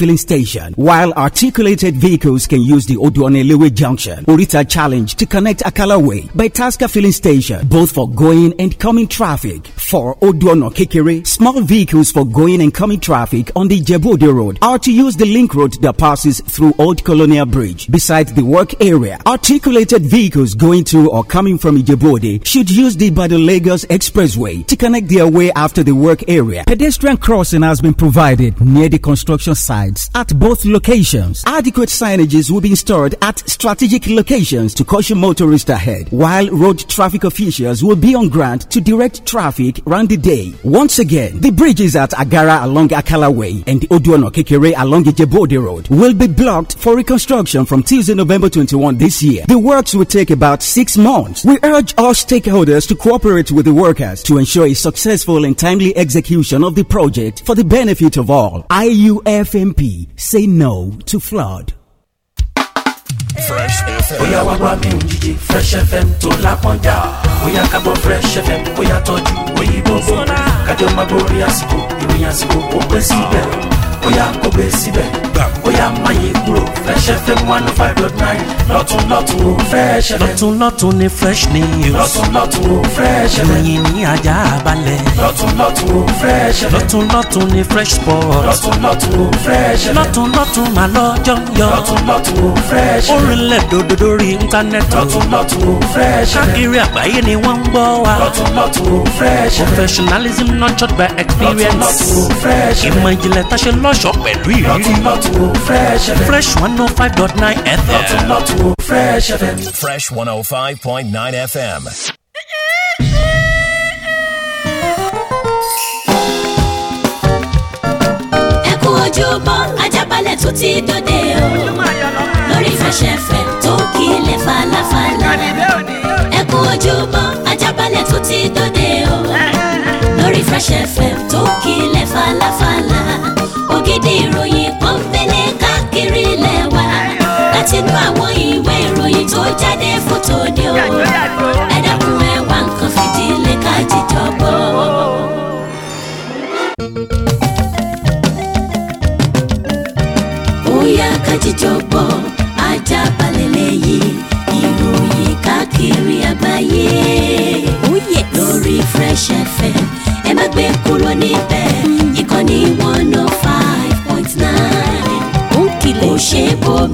filling station, while articulated vehicles can use the Oduonelewe junction, Orita Challenge to connect Akala Way by Tasker filling station, both for going and coming traffic. For Oduono Kikiri, small vehicles for going and coming traffic on the Jebode Road are to use the link road that passes through Old Colonial Bridge beside the work area. Articulated vehicles going to or coming from Ijebode should use the Badon Lagos Expressway to connect their way after the work area. Pedestrian crossing has been provided near the construction site sites at both locations. Adequate signages will be installed at strategic locations to caution motorists ahead, while road traffic officials will be on ground to direct traffic round the day. Once again, the bridges at Agara along Akala Way and the Oduono Kekere along Ijebode Road will be blocked for reconstruction from Tuesday, November 21 this year. The works will take about six months. We urge all stakeholders to cooperate with the workers to ensure a successful and timely execution of the project for the benefit of all. IUFMP DB say no to flood. bóyá wá wá mi ò fresh fm tó lápọ́njà bóyá ká gbọ́ fresh fm bóyá tọ́jú òyìnbó bò kájọ́ máa àsìkò ìròyìn àsìkò ó pẹ́ síbẹ̀ bóyá kò pẹ́ síbẹ̀ program. ó yá má yí kúrò Fresh FM one oh five dot nine lọ́tún lọ́tún ó Fresh FM. lọ́tún ni fresh news. lọ́tún lọ́tún ó Fresh FM. ìròyìn ní ajá balẹ̀. lọ́tún lọ́tún ó Fresh FM. lọ́tún ni fresh sport. lọ́tún lọ́tún ó Fresh FM. lọ́tún lọ́tún mà lọ́jọ́ ń yọ. lọ́tún lọ́tún ó Fresh FM. orílẹ̀ dòdò lórí íńtánẹ́ẹ̀tì. lọ́tún lọ́tún ó Fresh káàkiri àgbáyé ni wọ́n ń gbọ́ wa. lọ́tún lọ́tún ó Fresh FM. professionalism nurtured Fresh FM. ìmọ̀ ìjìnlẹ̀ tá ṣe lọ́ṣọ̀ọ́ pẹ̀lú ìrírí. lọ́tún lọ́tún lọ́tún fresh fm. fresh one oh five point nine fm. lọ́tún lọ́tún ó fresh fm. fresh one oh five point nine fm. ẹ kú ojúbọ ajábalẹ̀ tó ti dòde o lórí fresh fm tó kílẹ̀ falafala ẹ kú ojúbọ ajábalẹ̀ tó ti dòde o lórí fresh fm tó kílẹ̀ falafala ògidì ìròyìn sínú àwọn ìwé ìròyìn tó jáde fún tòde o ẹ dákun ẹ wá nǹkan fìdílé ká jíjọ gbọ́. bóyá ká jíjọ gbọ́.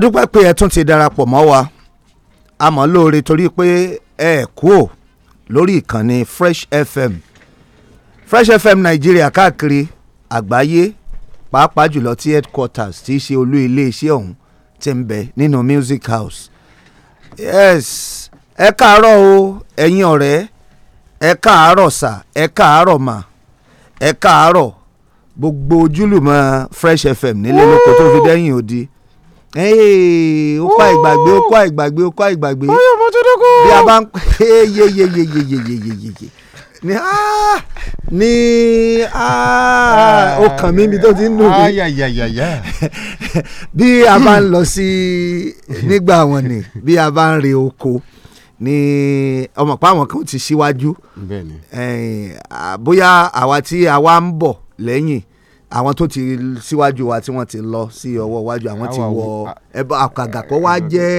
adúpẹ́ pé ẹ tún ti darapọ̀ mọ́ wa a mọ̀ lóore torí pé ẹ kú ò lórí ìkànnì Fresh FM Fresh FM Nàìjíríà káàkiri àgbáyé pàápàá jùlọ tí headquarters ti ṣe olú iléeṣẹ́ ọ̀hún ti ń bẹ nínú music house yes ẹ káàárọ̀ o ẹ̀yin ọ̀rẹ́ ẹ káàárọ̀ sà ẹ káàárọ̀ mà ẹ káàárọ̀ gbogbo ojúlùmọ̀ Fresh FM nílé lóko tó fi dẹ́yìn odi. ó kọ́ àìgbàgbé ó kọ́ àìgbàgbé ó kọ́ àìgbàgbé bóyá ọmọ tó dókò. bí a bá ń pè é yeyeyeyeyeyeyeye ni aa ah, ni aa ah, ó kàn mí mi tó ti ń lù mí bí a bá ń lọ sí nígbà wọn ni bí a bá ń re oko ni ọmọ pa àwọn kan ti síwájú bóyá àwa tí àwa ń bọ̀ lẹ́yìn àwọn tó ti síwájú wa tí wọ́n ti lọ sí ọwọ́ iwájú àwọn ti wọ ah. ẹbọ àkàgàkọ́ wa jẹ́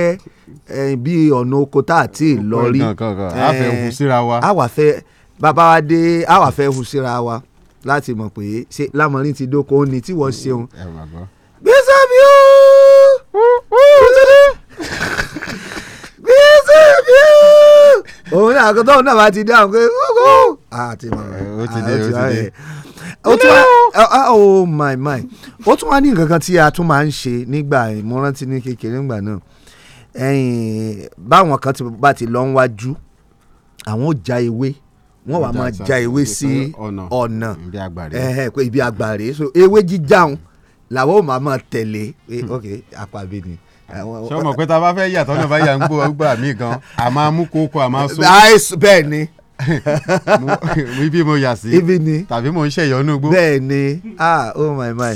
eh, bí ọ̀nà oko tá a ti lọ rí àwa eh, fẹ́ bàbá wa dé àwa fẹ́ hu síra wa láti mọ̀ pé ṣé lámọ̀rin ti dóko ó ní tí wọ́n ṣeun gbèsè mi ó gbèsè mi ó òun náà àkọ́tọ́ òun náà bá ti dáhùn pé ó ti dé ó ti dé ó tún wá oh, ah, oh my my ó tún wá ní nǹkan kan tí a tún máa ń ṣe nígbà ìmúrántí ní kékeré ńgbà náà ẹ̀yìn báwọn kan ti bá ti lọ ń wájú àwọn ò já ewé wọ́n wàá máa já ewé sí ọ̀nà ibi àgbàre so ewé jíjáun làwọn ò máa máa tẹ̀lé hmm. ok àpàbí ni sọmọ pé tá a bá fẹ́ yàtọ̀ náà bá yà ń gbọ́ ọgbà mí gan a máa mú kókó a máa so. bẹ́ẹ̀ ni mo bí mo yà sí ibi ni tàbí mo ń ṣèyọnú gbó. bẹ́ẹ̀ ni ah oh my my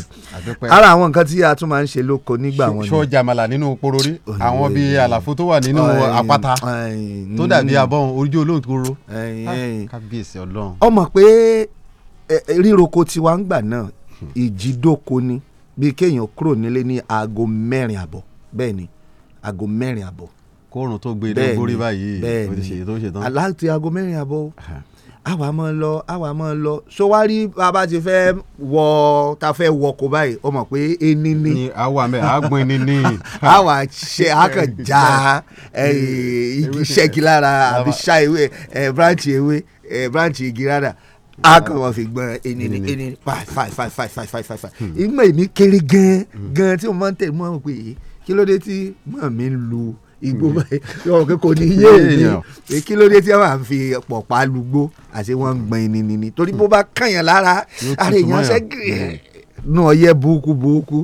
ara àwọn nǹkan tí a tún máa ń ṣe lóko nígbà wọn ni. ṣó jàmàlà nínú porori àwọn bíi àlàfo tó wà nínú àpáta tó dàbí abọ́n ojú olóòtúrò ah, kábíyèsí ọlọ́run. ọmọ pé ríroko tiwa ń gbà náà hmm. ìjídóko ni bíi kéèyàn kúrò nílé ní aago mẹ́rin àbọ̀ bẹ́ẹ̀ ni aago mẹ́rin àbọ̀ kóòrùn tó gbé dán gbórí báyìí bẹ́ẹ̀ ni aláàtì aago mẹ́rin àbọ̀ àwa máa lọ àwa máa lọ sọwárí bàbá ti fẹ́ wọ ta fẹ́ wọ kó báyìí ọmọ pé ení ni àwa mẹ àgbọn ení ni àwa ṣe àkànjá igi ṣẹ́gi lára àbí ṣá ewé branch ewé branch igi rárá a fi gbọ́n ẹni ni ẹni ni five five five five five five five five ìgbà èmi kéré gan-an hmm. gan-an tí mo máa ń tẹ̀ mọ́ pé kí ló dé tí mọ̀ mi ń lu igbó mm. báyìí yọ̀rọ̀ pé kò ní yé èyí kí ló dé tí wọ́n fi pọ̀ pa lùgbó àti wọ́n ń gbọ́n ẹni nìní torí bó bá kàyàn lára àrẹ èèyàn ṣẹ́gìrì nù ọyẹ burúkú burúkú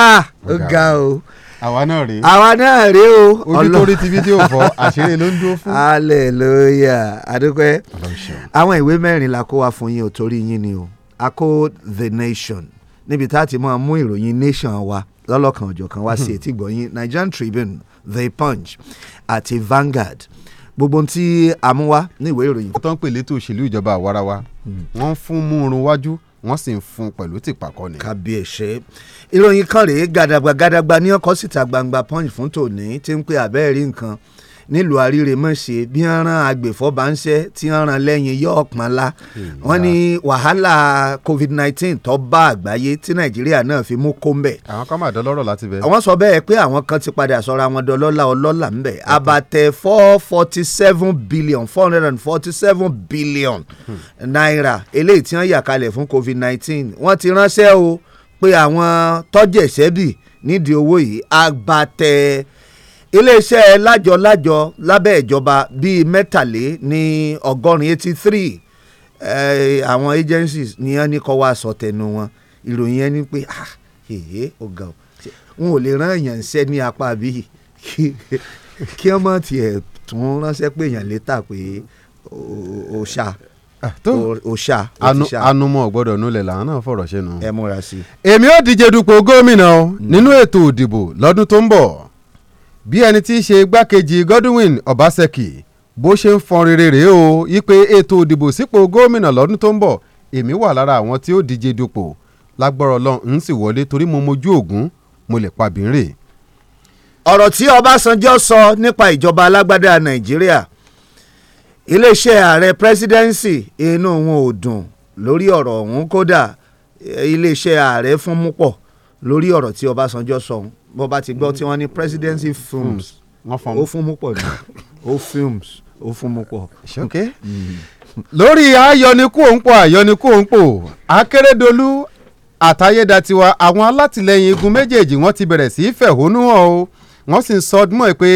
ah ó ga o àwa náà rèé àwa náà rèé o ojú tó rí ti fídíò fọ àṣírí ló ń dúró fún. hallelujah adúpẹ́ àwọn ìwé mẹ́rin la kó wa fún yín o torí yín ni o a kó the nation níbi tá a ti máa mú ìròyìn nation wa lọ́lọ́kan ọ̀jọ̀kan wá sí ètí gbọ̀nyìn Nigerian Tribune The Punch àti Vanguard gbogbo tí a mú wá ní ìwé ìròyìn. tó ń pè létò òṣèlú ìjọba àwarawa wọ́n ń fún múurun wájú wọ́n sì ń fún pẹ̀lú tìpàkọ́ ni. kàbíyèsè ìròyìn kan rèé gàdàgbà gàdàgbà ní ọkọ̀ síta gbangba punch fún tòní tí ń pè abẹ́ẹ̀rí nǹkan nílùú àrírèmọ̀ṣe bí wọ́n rán agbèfọ́ba ńṣẹ́ tí wọ́n rán lẹ́yìn yóò pọ́n la hmm. wọ́n ní wàhálà covid nineteen tó bá àgbáyé tí nàìjíríà náà fi mú kó ń bẹ̀. àwọn kan máa dọlọ́rọ̀ láti bẹ̀. àwọn sọ bẹ́ẹ̀ pé àwọn kan ti padà sọra wọn dọlọ́lá ọlọ́lá ń bẹ̀ abatẹ four forty seven billion four hundred and forty seven billion hmm. naira eléyìí tí wọ́n yà kalẹ̀ fún covid nineteen wọ́n ti ránṣẹ́ o pé àwọn tọ́jẹ̀ṣẹ́bì nídìí owó iléeṣẹ́ lájọ-lájọ lábẹ́ ìjọba bíi mẹ́tàlé ní ọgọ́rin eighty three àwọn agencies ni wọ́n ní kọ́ wá sọ tẹnu wọn ìròyìn yẹn ni pé ah èyí ó ga ọ n ò lè rán èèyàn ṣẹ́ ní apá bíi kí ọmọ tiẹ̀ tún ránṣẹ́ pé èèyàn lè tà pé ó ṣá ó ṣá anumọ gbọ́dọ̀ nulẹ̀ làwọn náà fọ̀rọ̀ ṣe ẹ múra sí i. èmi ò díje dupò gómìnà o nínú ètò òdìbò lọ́dún tó ń bọ̀ bí ẹni tí í ṣe igbákejì Godwin Obaseki bó ṣe ń fọn rere rèé o yípe ètò òdìbò sípò gómìnà lọ́dún tó ń bọ̀ èmi wà lára àwọn tí ó díje dupò lágbọ́rọ̀ lọ́n ń sì wọlé torí mo mojú ògún mo lè pa bínrè. ọ̀rọ̀ tí Ọbásanjọ́ sọ nípa ìjọba alágbádá Nàìjíríà iléeṣẹ́ ààrẹ presidency inú wọn ò dùn lórí ọ̀rọ̀ ọ̀hún kódà iléeṣẹ́ ààrẹ fún mú pọ̀ lórí ọ̀rọ̀ tí Ọbásanjọ́ sọ bó bá ti gbọ́ tí wọ́n ní presidency mm. films mm. ó fún mú pọ̀ ní ó films ó fún mú pọ̀. Mm. lórí ayọnikú òǹpò ayọnikú òǹpò Akérédolú àtayédatiwa àwọn alátìlẹyìn igun méjèèjì wọ́n ti bẹ̀rẹ̀ sí í fẹ̀hónú hàn o wọ́n sì ń sọ ọdún mọ́ ẹ pé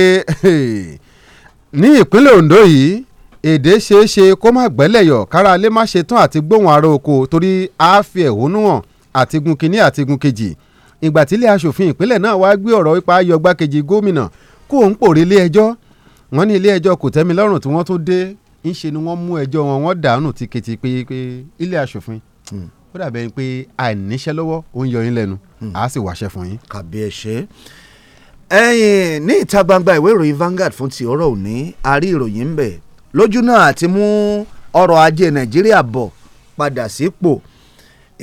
ní ìpínlẹ̀ Ondo yìí èdè ṣeéṣe kó má gbẹ́lẹ̀yọ̀ kára lè má ṣetán àti gbóhùn ara oko torí a fi ẹ̀hónú hàn àtigun kínní àtigun kejì ìgbà tílé aṣòfin ìpínlẹ̀ náà wá gbé ọ̀rọ̀ ipa ayọ̀ gbákejì gómìnà kó òun pòrè ilé ẹjọ́ wọn ní ilé ẹjọ́ kò tẹ́mi lọ́rùn tí wọ́n tó dé ńṣe ni wọ́n mú ẹjọ́ wọn wọ́n dànù ti kété pé pé ilé aṣòfin hmm. ó dàbẹ̀ ni pé àìníṣẹ́ lọ́wọ́ ó ń yọ yín lẹ́nu á hmm. sì wáṣẹ́ fún yín. kàbí ẹ ṣe ẹyin ní ìta gbangba ìwé ìròyìn Vanguard fún ti ọ̀rọ̀ òní a ìròyìn ń bẹ lójú náà àti mú ọrọ̀ ajé Nàìjíríà bọ̀ padà sípò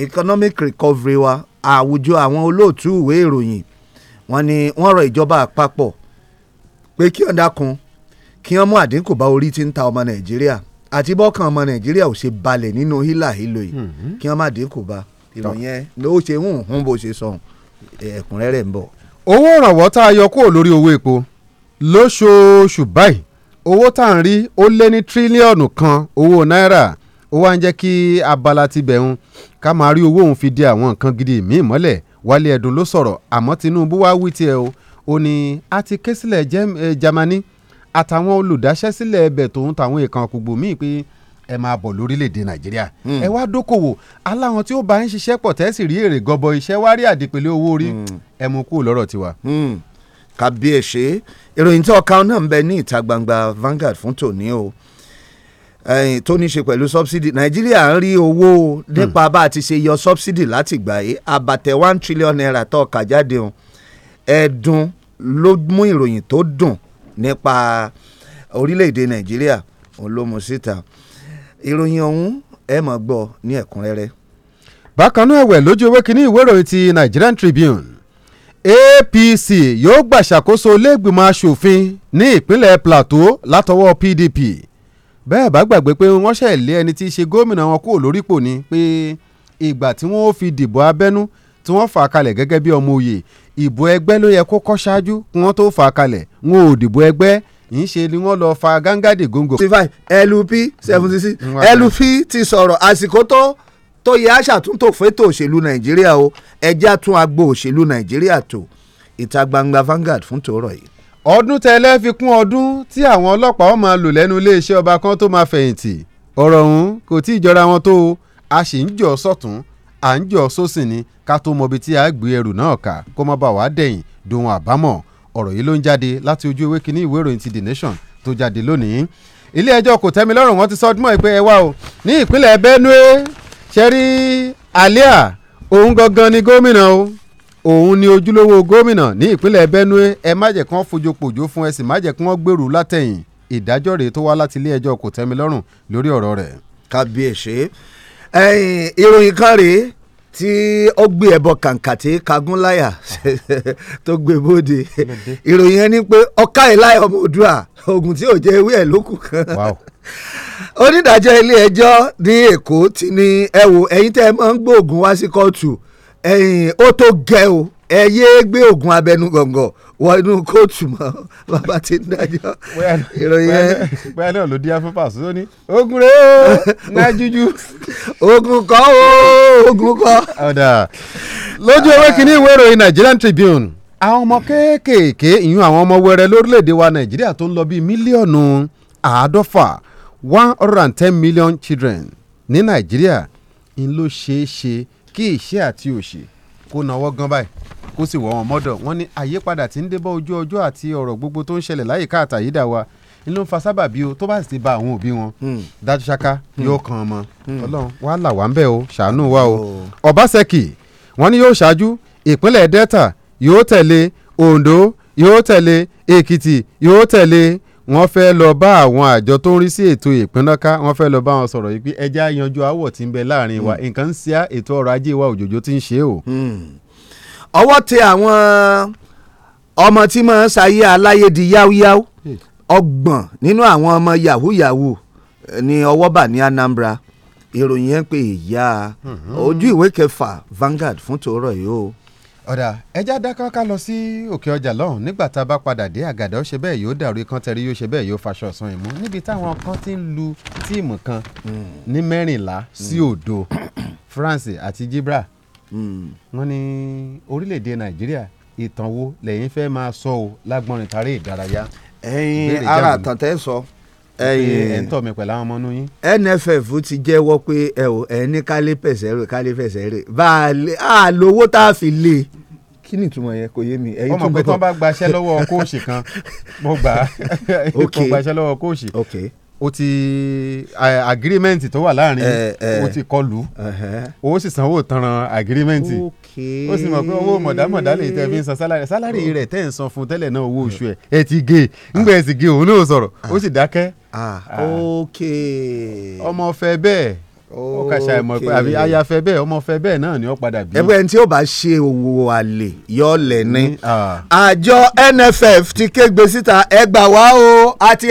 economic recovery wa àwùjọ àwọn olóòtú ìwé ìròyìn wọn ni wọ́n rọ ìjọba àpapọ̀ pé kí wọ́n dákun kí wọ́n mú àdínkù bá orí tí ń ta ọmọ nàìjíríà àti bọ́kàn ọmọ nàìjíríà ò ṣe balẹ̀ nínú hílà hílò yìí mhm. kí wọ́n má dínkù bá ìròyìn ẹ ló ṣe ń hùn bó ṣe sọ ẹ̀kúnrẹ́rẹ́ ń bọ̀. owó ìrànwọ́ tá a yọ kúrò lórí owó epo lóṣooṣù báyìí owó tá à ń rí ó lé ní tírílíọ̀nù kan owó náírà ó wá ń jẹ́ kí abala ti bẹ̀ ń ká máa rí owó òun fi di àwọn nǹkan gidi míì mọ́lẹ̀ Wálé Ẹ̀dùn ló sọ̀rọ̀ àmọ́ Tinubu wá wí tiẹ̀ o ó ní a ti ké sílẹ̀ Jámánì àtàwọn olùdáṣẹ́sílẹ̀ ẹbẹ̀ tòun tàwọn ìkan àkùgbò míì pé ẹ máa bọ̀ lórílẹ̀‐èdè nàìjíríà hmm. ẹ wá dókòwò aláwọn tí ó bá ń ṣiṣẹ́ pọ̀ tẹ́sí rí èrè gọbọ iṣẹ́ wá rí àdìpẹ̀lẹ̀ owó rí hmm. ẹ mú kúrò lọ́rọ̀ tiwa. Hmm. kàbíyèsí ìròyìn tí ọkàn náà ń bẹ ní ìta gbangba Vanguard fún tòní o tó ní ṣe pẹ̀lú subsidy nàìjíríà ń rí owó nípa hmm. bá a ti ṣe yọ subsidy láti gbà yìí àbàtẹ one trillion naira tó ọkà jáde hàn ẹ̀dùn ló mú ìròyìn tó dùn nípa orílẹ̀-èdè nàìjíríà òun ló mú síta ìròyìn ọ̀hún ẹ máa gbọ́ ní ẹ̀kúnrẹ́rẹ́. bákan náà ẹ̀wẹ̀ lójú ewé kínní ìwé ìròyìn ti Nigerian Tribune APC yóò gbàṣàkóso ilé ìgbìmọ̀ asòfin ní ìpínlẹ̀ Plateau látọwọ́ PDP bẹ́ẹ̀ bá gbàgbé pé wọ́n ṣẹ̀ lé ẹni tí í ṣe gómìnà wọn kúrò lórípò ni pé ìgbà tí wọ́n fi dìbò abẹ́nú tí wọ́n fà kalẹ̀ gẹ́gẹ́ bí ọmọ òye ìbò ẹgbẹ́ ló yẹ kó kọ́ ṣáájú kí wọ́n tó fà kalẹ̀ wọn ò dìbò ẹgbẹ́ yìí ṣe ni wọ́n lọ fa gángádì góńgò. LP mm, mm, mm. ti sọ̀rọ̀ àsìkò tó tó yẹ aṣàtúntò fẹ́tò òṣèlú nàìjíríà o ẹjẹ́ àtún agbo òṣèlú nàìjíríà tó ìta gbangba Vanguard fún tòórọ̀ yìí ọdún tẹ́lẹ̀ fi kún ọdún tí àwọn ọlọ́pàá ó máa lò lẹ́nu iléeṣẹ́ ọba kan tó máa fẹ̀yìntì ọ̀rọ̀ ọ̀hún kò tí ì jọra wọn tó a sì ń jọ sọ́tún à ń jọ sósìn ni ká tó mọbi tí a gbé ẹrù náà kà kó má bà wá dẹ̀yìn dohun àbámọ̀ ọ̀rọ̀ yìí ló ń jáde láti ojú ewé kínní ìwé ìròyìn ti The Nation tó jáde lónìí ilé ẹjọ́ kò tẹ́mi wọn ti sọ ọdún mọ́ ẹ pé o ní ìpínlẹ̀ Benue ṣẹ́rí Alia òun gangan ni gómìnà o òun ni ojúlówó gómìnà ní ìpínlẹ̀ Benue ẹ má jẹ́ kán fojú pòjó fún ẹ sì má jẹ́ kán gbèrú látẹ̀yìn ìdájọ́ rèé tó wá láti ilé ẹjọ́ kòtẹ́milọ́rùn lórí ọ̀rọ̀ rẹ̀. kábíyèsí ìròyìn kan rèé tí ó gbé ẹbọ kàǹkàtì kagúnláyà tó gbé bóde ìròyìn ẹni pé ọ̀ka ìláyà ọmọ òdua ogun tí ò jẹ́ ewé ẹ̀ lókù kan onídàájọ́ ilé ẹjọ́ ní Èkó ti ní ẹ wò ẹ̀yin tẹ́ ẹ máa ń gbóògùn wá sí kóòtù. Wow ẹ̀yìn ó tó gẹ o ẹ yéé gbé oògùn abẹnú gọ̀ǹgọ̀ wọ inú kóòtù mọ́ bàbá tí ń dájọ́ ìròyìn yẹn. bóyá náà ló dín afẹ́fà sí ní. ogun rẹ o ná jújú. ogun kọ́ o ogun kọ́. lójú ewé kínní ìwé ìròyìn Nigerian Tribune àwọn ọmọ kéékèèké ìyún àwọn ọmọ wẹrẹ lórílẹ̀‐èdè wa Nàìjíríà tó ń lọ bíi mílíọ̀nù àádọ́fà one hundred and ten million children ní Nàìjíríà ń ló ṣeé ṣe kí ìṣẹ́ àti òṣì kó nawọ́ gan báyìí kó sì wọ́ mọ́dọ̀ wọ́n ní àyípadà tí ń débọ̀ ojú ọjọ́ àti ọ̀rọ̀ gbogbo tó ń ṣẹlẹ̀ láyìíká àtàyídà wa ló ń fa sábàbí o tó bá sì ti ba àwọn òbí wọn hmm. dájú ṣáká hmm. yóò kan ọmọ hmm. ọlọ́run wàá là wá ń bẹ̀ o ṣàánú wa o oh. ọbaṣẹ́kì wọ́n ní yóò ṣáájú ìpínlẹ̀ delta yóò tẹ̀lé ondo yóò tẹ̀lé èkìtì yóò tẹ̀lé wọ́n fẹ́ lọ bá àwọn àjọ tó ń rí sí ètò ìpínnáká wọ́n fẹ́ lọ bá wọn sọ̀rọ̀ yìí pé ẹja yanjú àwọ̀ tí ń bẹ láàrin wa hmm. nǹkan ń ṣe á ètò ọrọ̀ ajé wa òjòjò ti ń ṣe o. Hmm. ọwọ́ tẹ àwọn ọmọ tí mo ń ṣayé aláyé di yáúyáú hmm. ọgbọ̀n nínú àwọn ọmọ yahoo eh, ni ọwọ́ bà ní Anambra ìròyìn yẹn pé ìyá ojú ìwé kẹfà Vanguard fún tòórọ̀ yìí o ọ̀dà ẹja dákan ká lọ sí òkè ọjà lọ́hùn nígbà tá a bá padà dé àgàdà ó ṣe bẹ́ẹ̀ yóò dàrú ikán tẹ̀rí yóò ṣe bẹ́ẹ̀ yóò faṣọ ọ̀sán ìmú níbi táwọn kan ti ń lu tíìmù kan ní mẹ́rìnlá sí òdo France àti Jibra wọ́n ní orílẹ̀-èdè Nàìjíríà ìtàn wo lẹ́yìn fẹ́ máa sọ o lágbọ́nrin tàrí ìdárayá. ẹyin ara àtàntẹ́ sọ ẹ ń tọ̀ mí pẹ̀lú àwọn ọmọ inú yín. NFF ti jẹ́wọ́ pé ẹ ò ẹ ní kálí fẹsẹ̀ rè kálí fẹsẹ̀ rè bá a lówó tá a fi lé e. kí ni ìtumọ̀ yẹn kò yé mi. ọmọ pé tí wọ́n bá gbaṣẹ́ lọ́wọ́ kóòṣì kan mo gbà á mo gbaṣẹ́ lọ́wọ́ kóòṣì o ti agreement tó wà láàrin eh, eh. o ti kọlù o sì sanwó tanran agreement. Okay ó sì mọ̀ pé owó mọ̀dámọ̀dá lè tẹ́ fi ń san sálárì sálárì oh. rẹ̀ tẹ́ ń san fún tẹ́lẹ̀ náà owó oṣù ẹ̀ ẹ ti gé e ah. ńgbà ẹ sì gé òun náà sọ̀rọ̀ ó sì dákẹ́. Ah. Ah. ok ọmọ fẹ bẹ́ẹ̀ ó kàṣà ìmọ̀ pé àbí aya bẹ́ẹ̀ ọmọ fẹ́ bẹ́ẹ̀ náà ni ó padà bí. ẹgbẹ́ tí ó bá ṣe òwò àlè yọlẹ̀ ni. Mm, ah. àjọ NFF ti kégbe síta ẹ gbà wá o a ti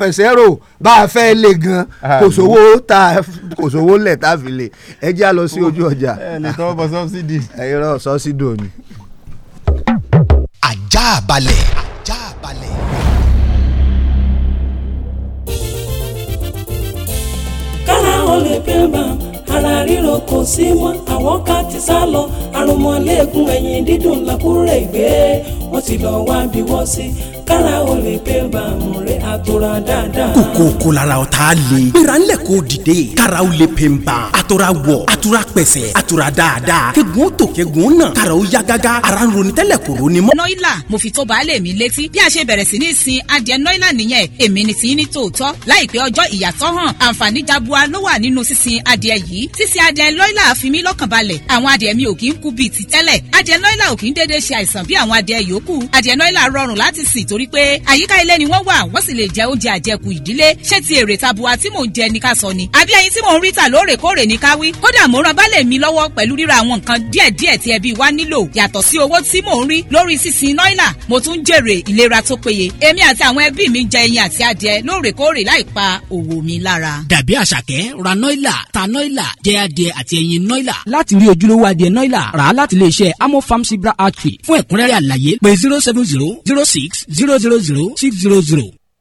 pẹ̀sẹ́rò bá a fẹ́ lè gan ah. kò sówó ta kò sówó lẹ̀ tá a fi lè ẹ jẹ́ a lọ sí ojú ọjà. ẹ lè tọ́ bọ sọ́bsidì. ẹ yọrọ sọ́bsidì òní. àjà balẹ̀ àjà balẹ̀. pẹ́ẹ́bà ara ríro kò sí mọ́ àwọn ká ti sá lọ àrùn mọ́lẹ́gùn ẹ̀yìn dídùn làkúrẹ́ ìgbé wọ́n ti lọ́ọ́ wá bí wọ́n Kala o lè pé bàmù rẹ̀ àtòrà dáadáa. kòkó kò lára ọ̀tá le. gbéra ńlẹ̀ kò dìde. kára o lè pè ń ban. àtòrà wọ̀ àtòrà pẹ̀sẹ̀ àtòrà dáadáa. kegun tó kegun náà. kára ya gágá. ara ń ronú tẹ́lẹ̀ kò ronú mọ́. nọ́ìlà mo fi tó baálé mi létí bí a ṣe bẹ̀rẹ̀ sí ní sin adìẹ nọ́ìlà nìyẹn èmi ni tí ní tòótọ́ láìpẹ́ ọjọ́ ìyàtọ̀ hàn àǹfààní jabua ló wà nínú sísin adìẹ yìí sísin adìẹ nọ́ìlà fi mí lọ́kàn balẹ̀ àwọn adìẹ mi ò kì í kú bíi ti tẹ́lẹ̀ adìẹ nọ́ìlà ò kì í déédéé ṣe àìsàn bí àwọn adìẹ yòókù adìẹ nọ́ìlà rọrùn láti sìn t nítorí pé àyíká ilé ni wọ́n wà wọ́n sì lè jẹ oúnjẹ àjẹkù ìdílé ṣé ti èrè tabuwa tí mò ń jẹ ni ká sọ ni àbí ẹyin tí mò ń rí tà lóòrèkóòrè ni ká wí kódà mo ràn bálẹ̀ mi lọ́wọ́ pẹ̀lú ríra àwọn nǹkan díẹ̀díẹ̀ tí ẹbí wa nílò yàtọ̀ sí owó tí mò ń rí lórí sísin nọ́ìlà mo tún jèrè ìlera tó péye èmi àti àwọn ẹbí mi jẹ ẹyin àti adìẹ lóòrèkóòrè láì òwò mi lára. dàbí àṣàkẹ́ ra nọ́ìlà ta nọ́ìlà jẹ adìẹ àti ẹyin nọ́ìlà. láti rí ojúlówó adìẹ nọ́ìlà rà á láti ilé iṣẹ́ amọ̀ cibra archery fún ẹ̀kúnrẹ́rẹ́ àlàyé pé zero seven zero zero six zero 000-600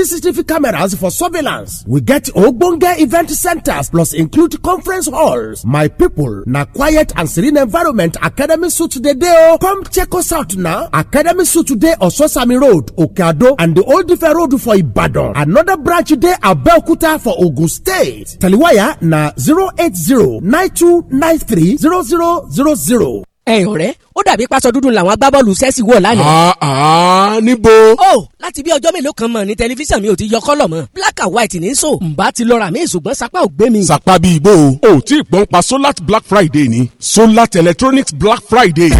CCTV cameras for surveillance. We get ogbonge event centers plus include conference halls. My people, na quiet and serene environment Academy Suit today. dey o. Come check us out now. Academy Suit dey Ososami Road, Okeado and the Old Ife Road for Ibadan. Another branch dey Abeokuta for Ogun State. Taliwaya na 080 9293 0000 ẹ̀yìn ọ̀rẹ́ ó dàbí pásọ dúdú làwọn agbábọ́ọ̀lù Chelsea wọ̀ lánàá. àà níbo. ó láti bí ọjọ́ mélòó kan mọ̀ ní tẹlifíṣàn mi ò ti yọ kọ́lọ̀ mọ́ black and white ní so ǹbá ti lọ́ra mi ṣùgbọ́n sapa ò gbé mi. sapa bíi ibo o. ò tí ì gbọ́n pa Solat Black Friday ni Solar Electronics Black Friday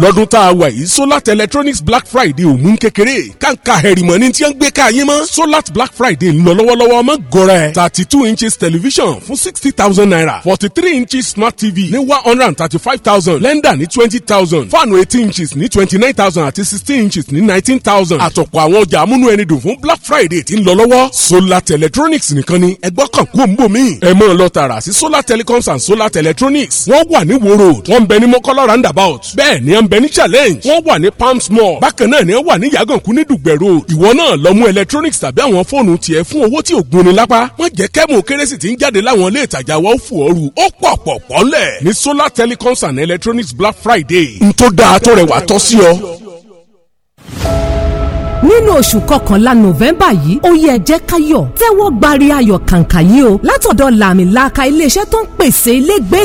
lọ́dún tá a wà yìí solat electronics black friday ò mú kékeré kàǹkà hẹ̀rìmọ̀ ni tí wọ́n gbé ká yín mọ́ solat black friday ń lọ lọ́wọ́lọ́wọ́ ọmọ gọ́rẹ́ thirty two inches television fún sixty thousand naira forty three inches smart tv ní one hundred and thirty five thousand blender ní twenty thousand Fanu eighteen inches ní twenty nine thousand àti sixteen inches ní nineteen thousand àtọ̀pọ̀ àwọn ọjà amúnú ẹni dùn fún black friday tí ń lọ lọ́wọ́ solat electronics nìkan ni ẹgbọ́ kan kú òǹbò mi ẹ mọ̀ lọ tààrà sí solar telecoms and solar electronics wọ́n wà ní wo road wọ́n ń bẹ ní mọ́kọ́lọ́ roundabout bẹ́ẹ̀ ni ń ní challenge wọ́n wà ní palms mall bákan náà ni wọ́n wà ní yàgànkú ní dùgbẹ̀ ìwọ náà lọ mú electronics tàbí àwọn fóònù tiẹ̀ fún owó tí ò gbóni lápá wọ́n jẹ́ kẹ́mù kérésì tí ń jáde láwọn ilé ìtajà wa fò ooru ó pọ̀ pọ̀ pọ̀ lẹ̀ ní solar telecoms and electronics black friday n tó dáa tó rẹwà tọ́ sí ọ nínú oṣù kọkànlá november yìí ó yẹ jẹ́ káyọ̀ tẹ́wọ́ gbari ayọ̀ kàǹkà yìí o látọ̀dọ̀ làmìlaka iléeṣẹ́ tó ń pèsè ilé gbé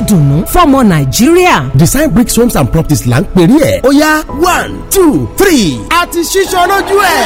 fọmọ nàìjíríà. design bricks homes and properties là ń pèrè ẹ̀ ó one two three àti ṣíṣọ́ lójú ẹ̀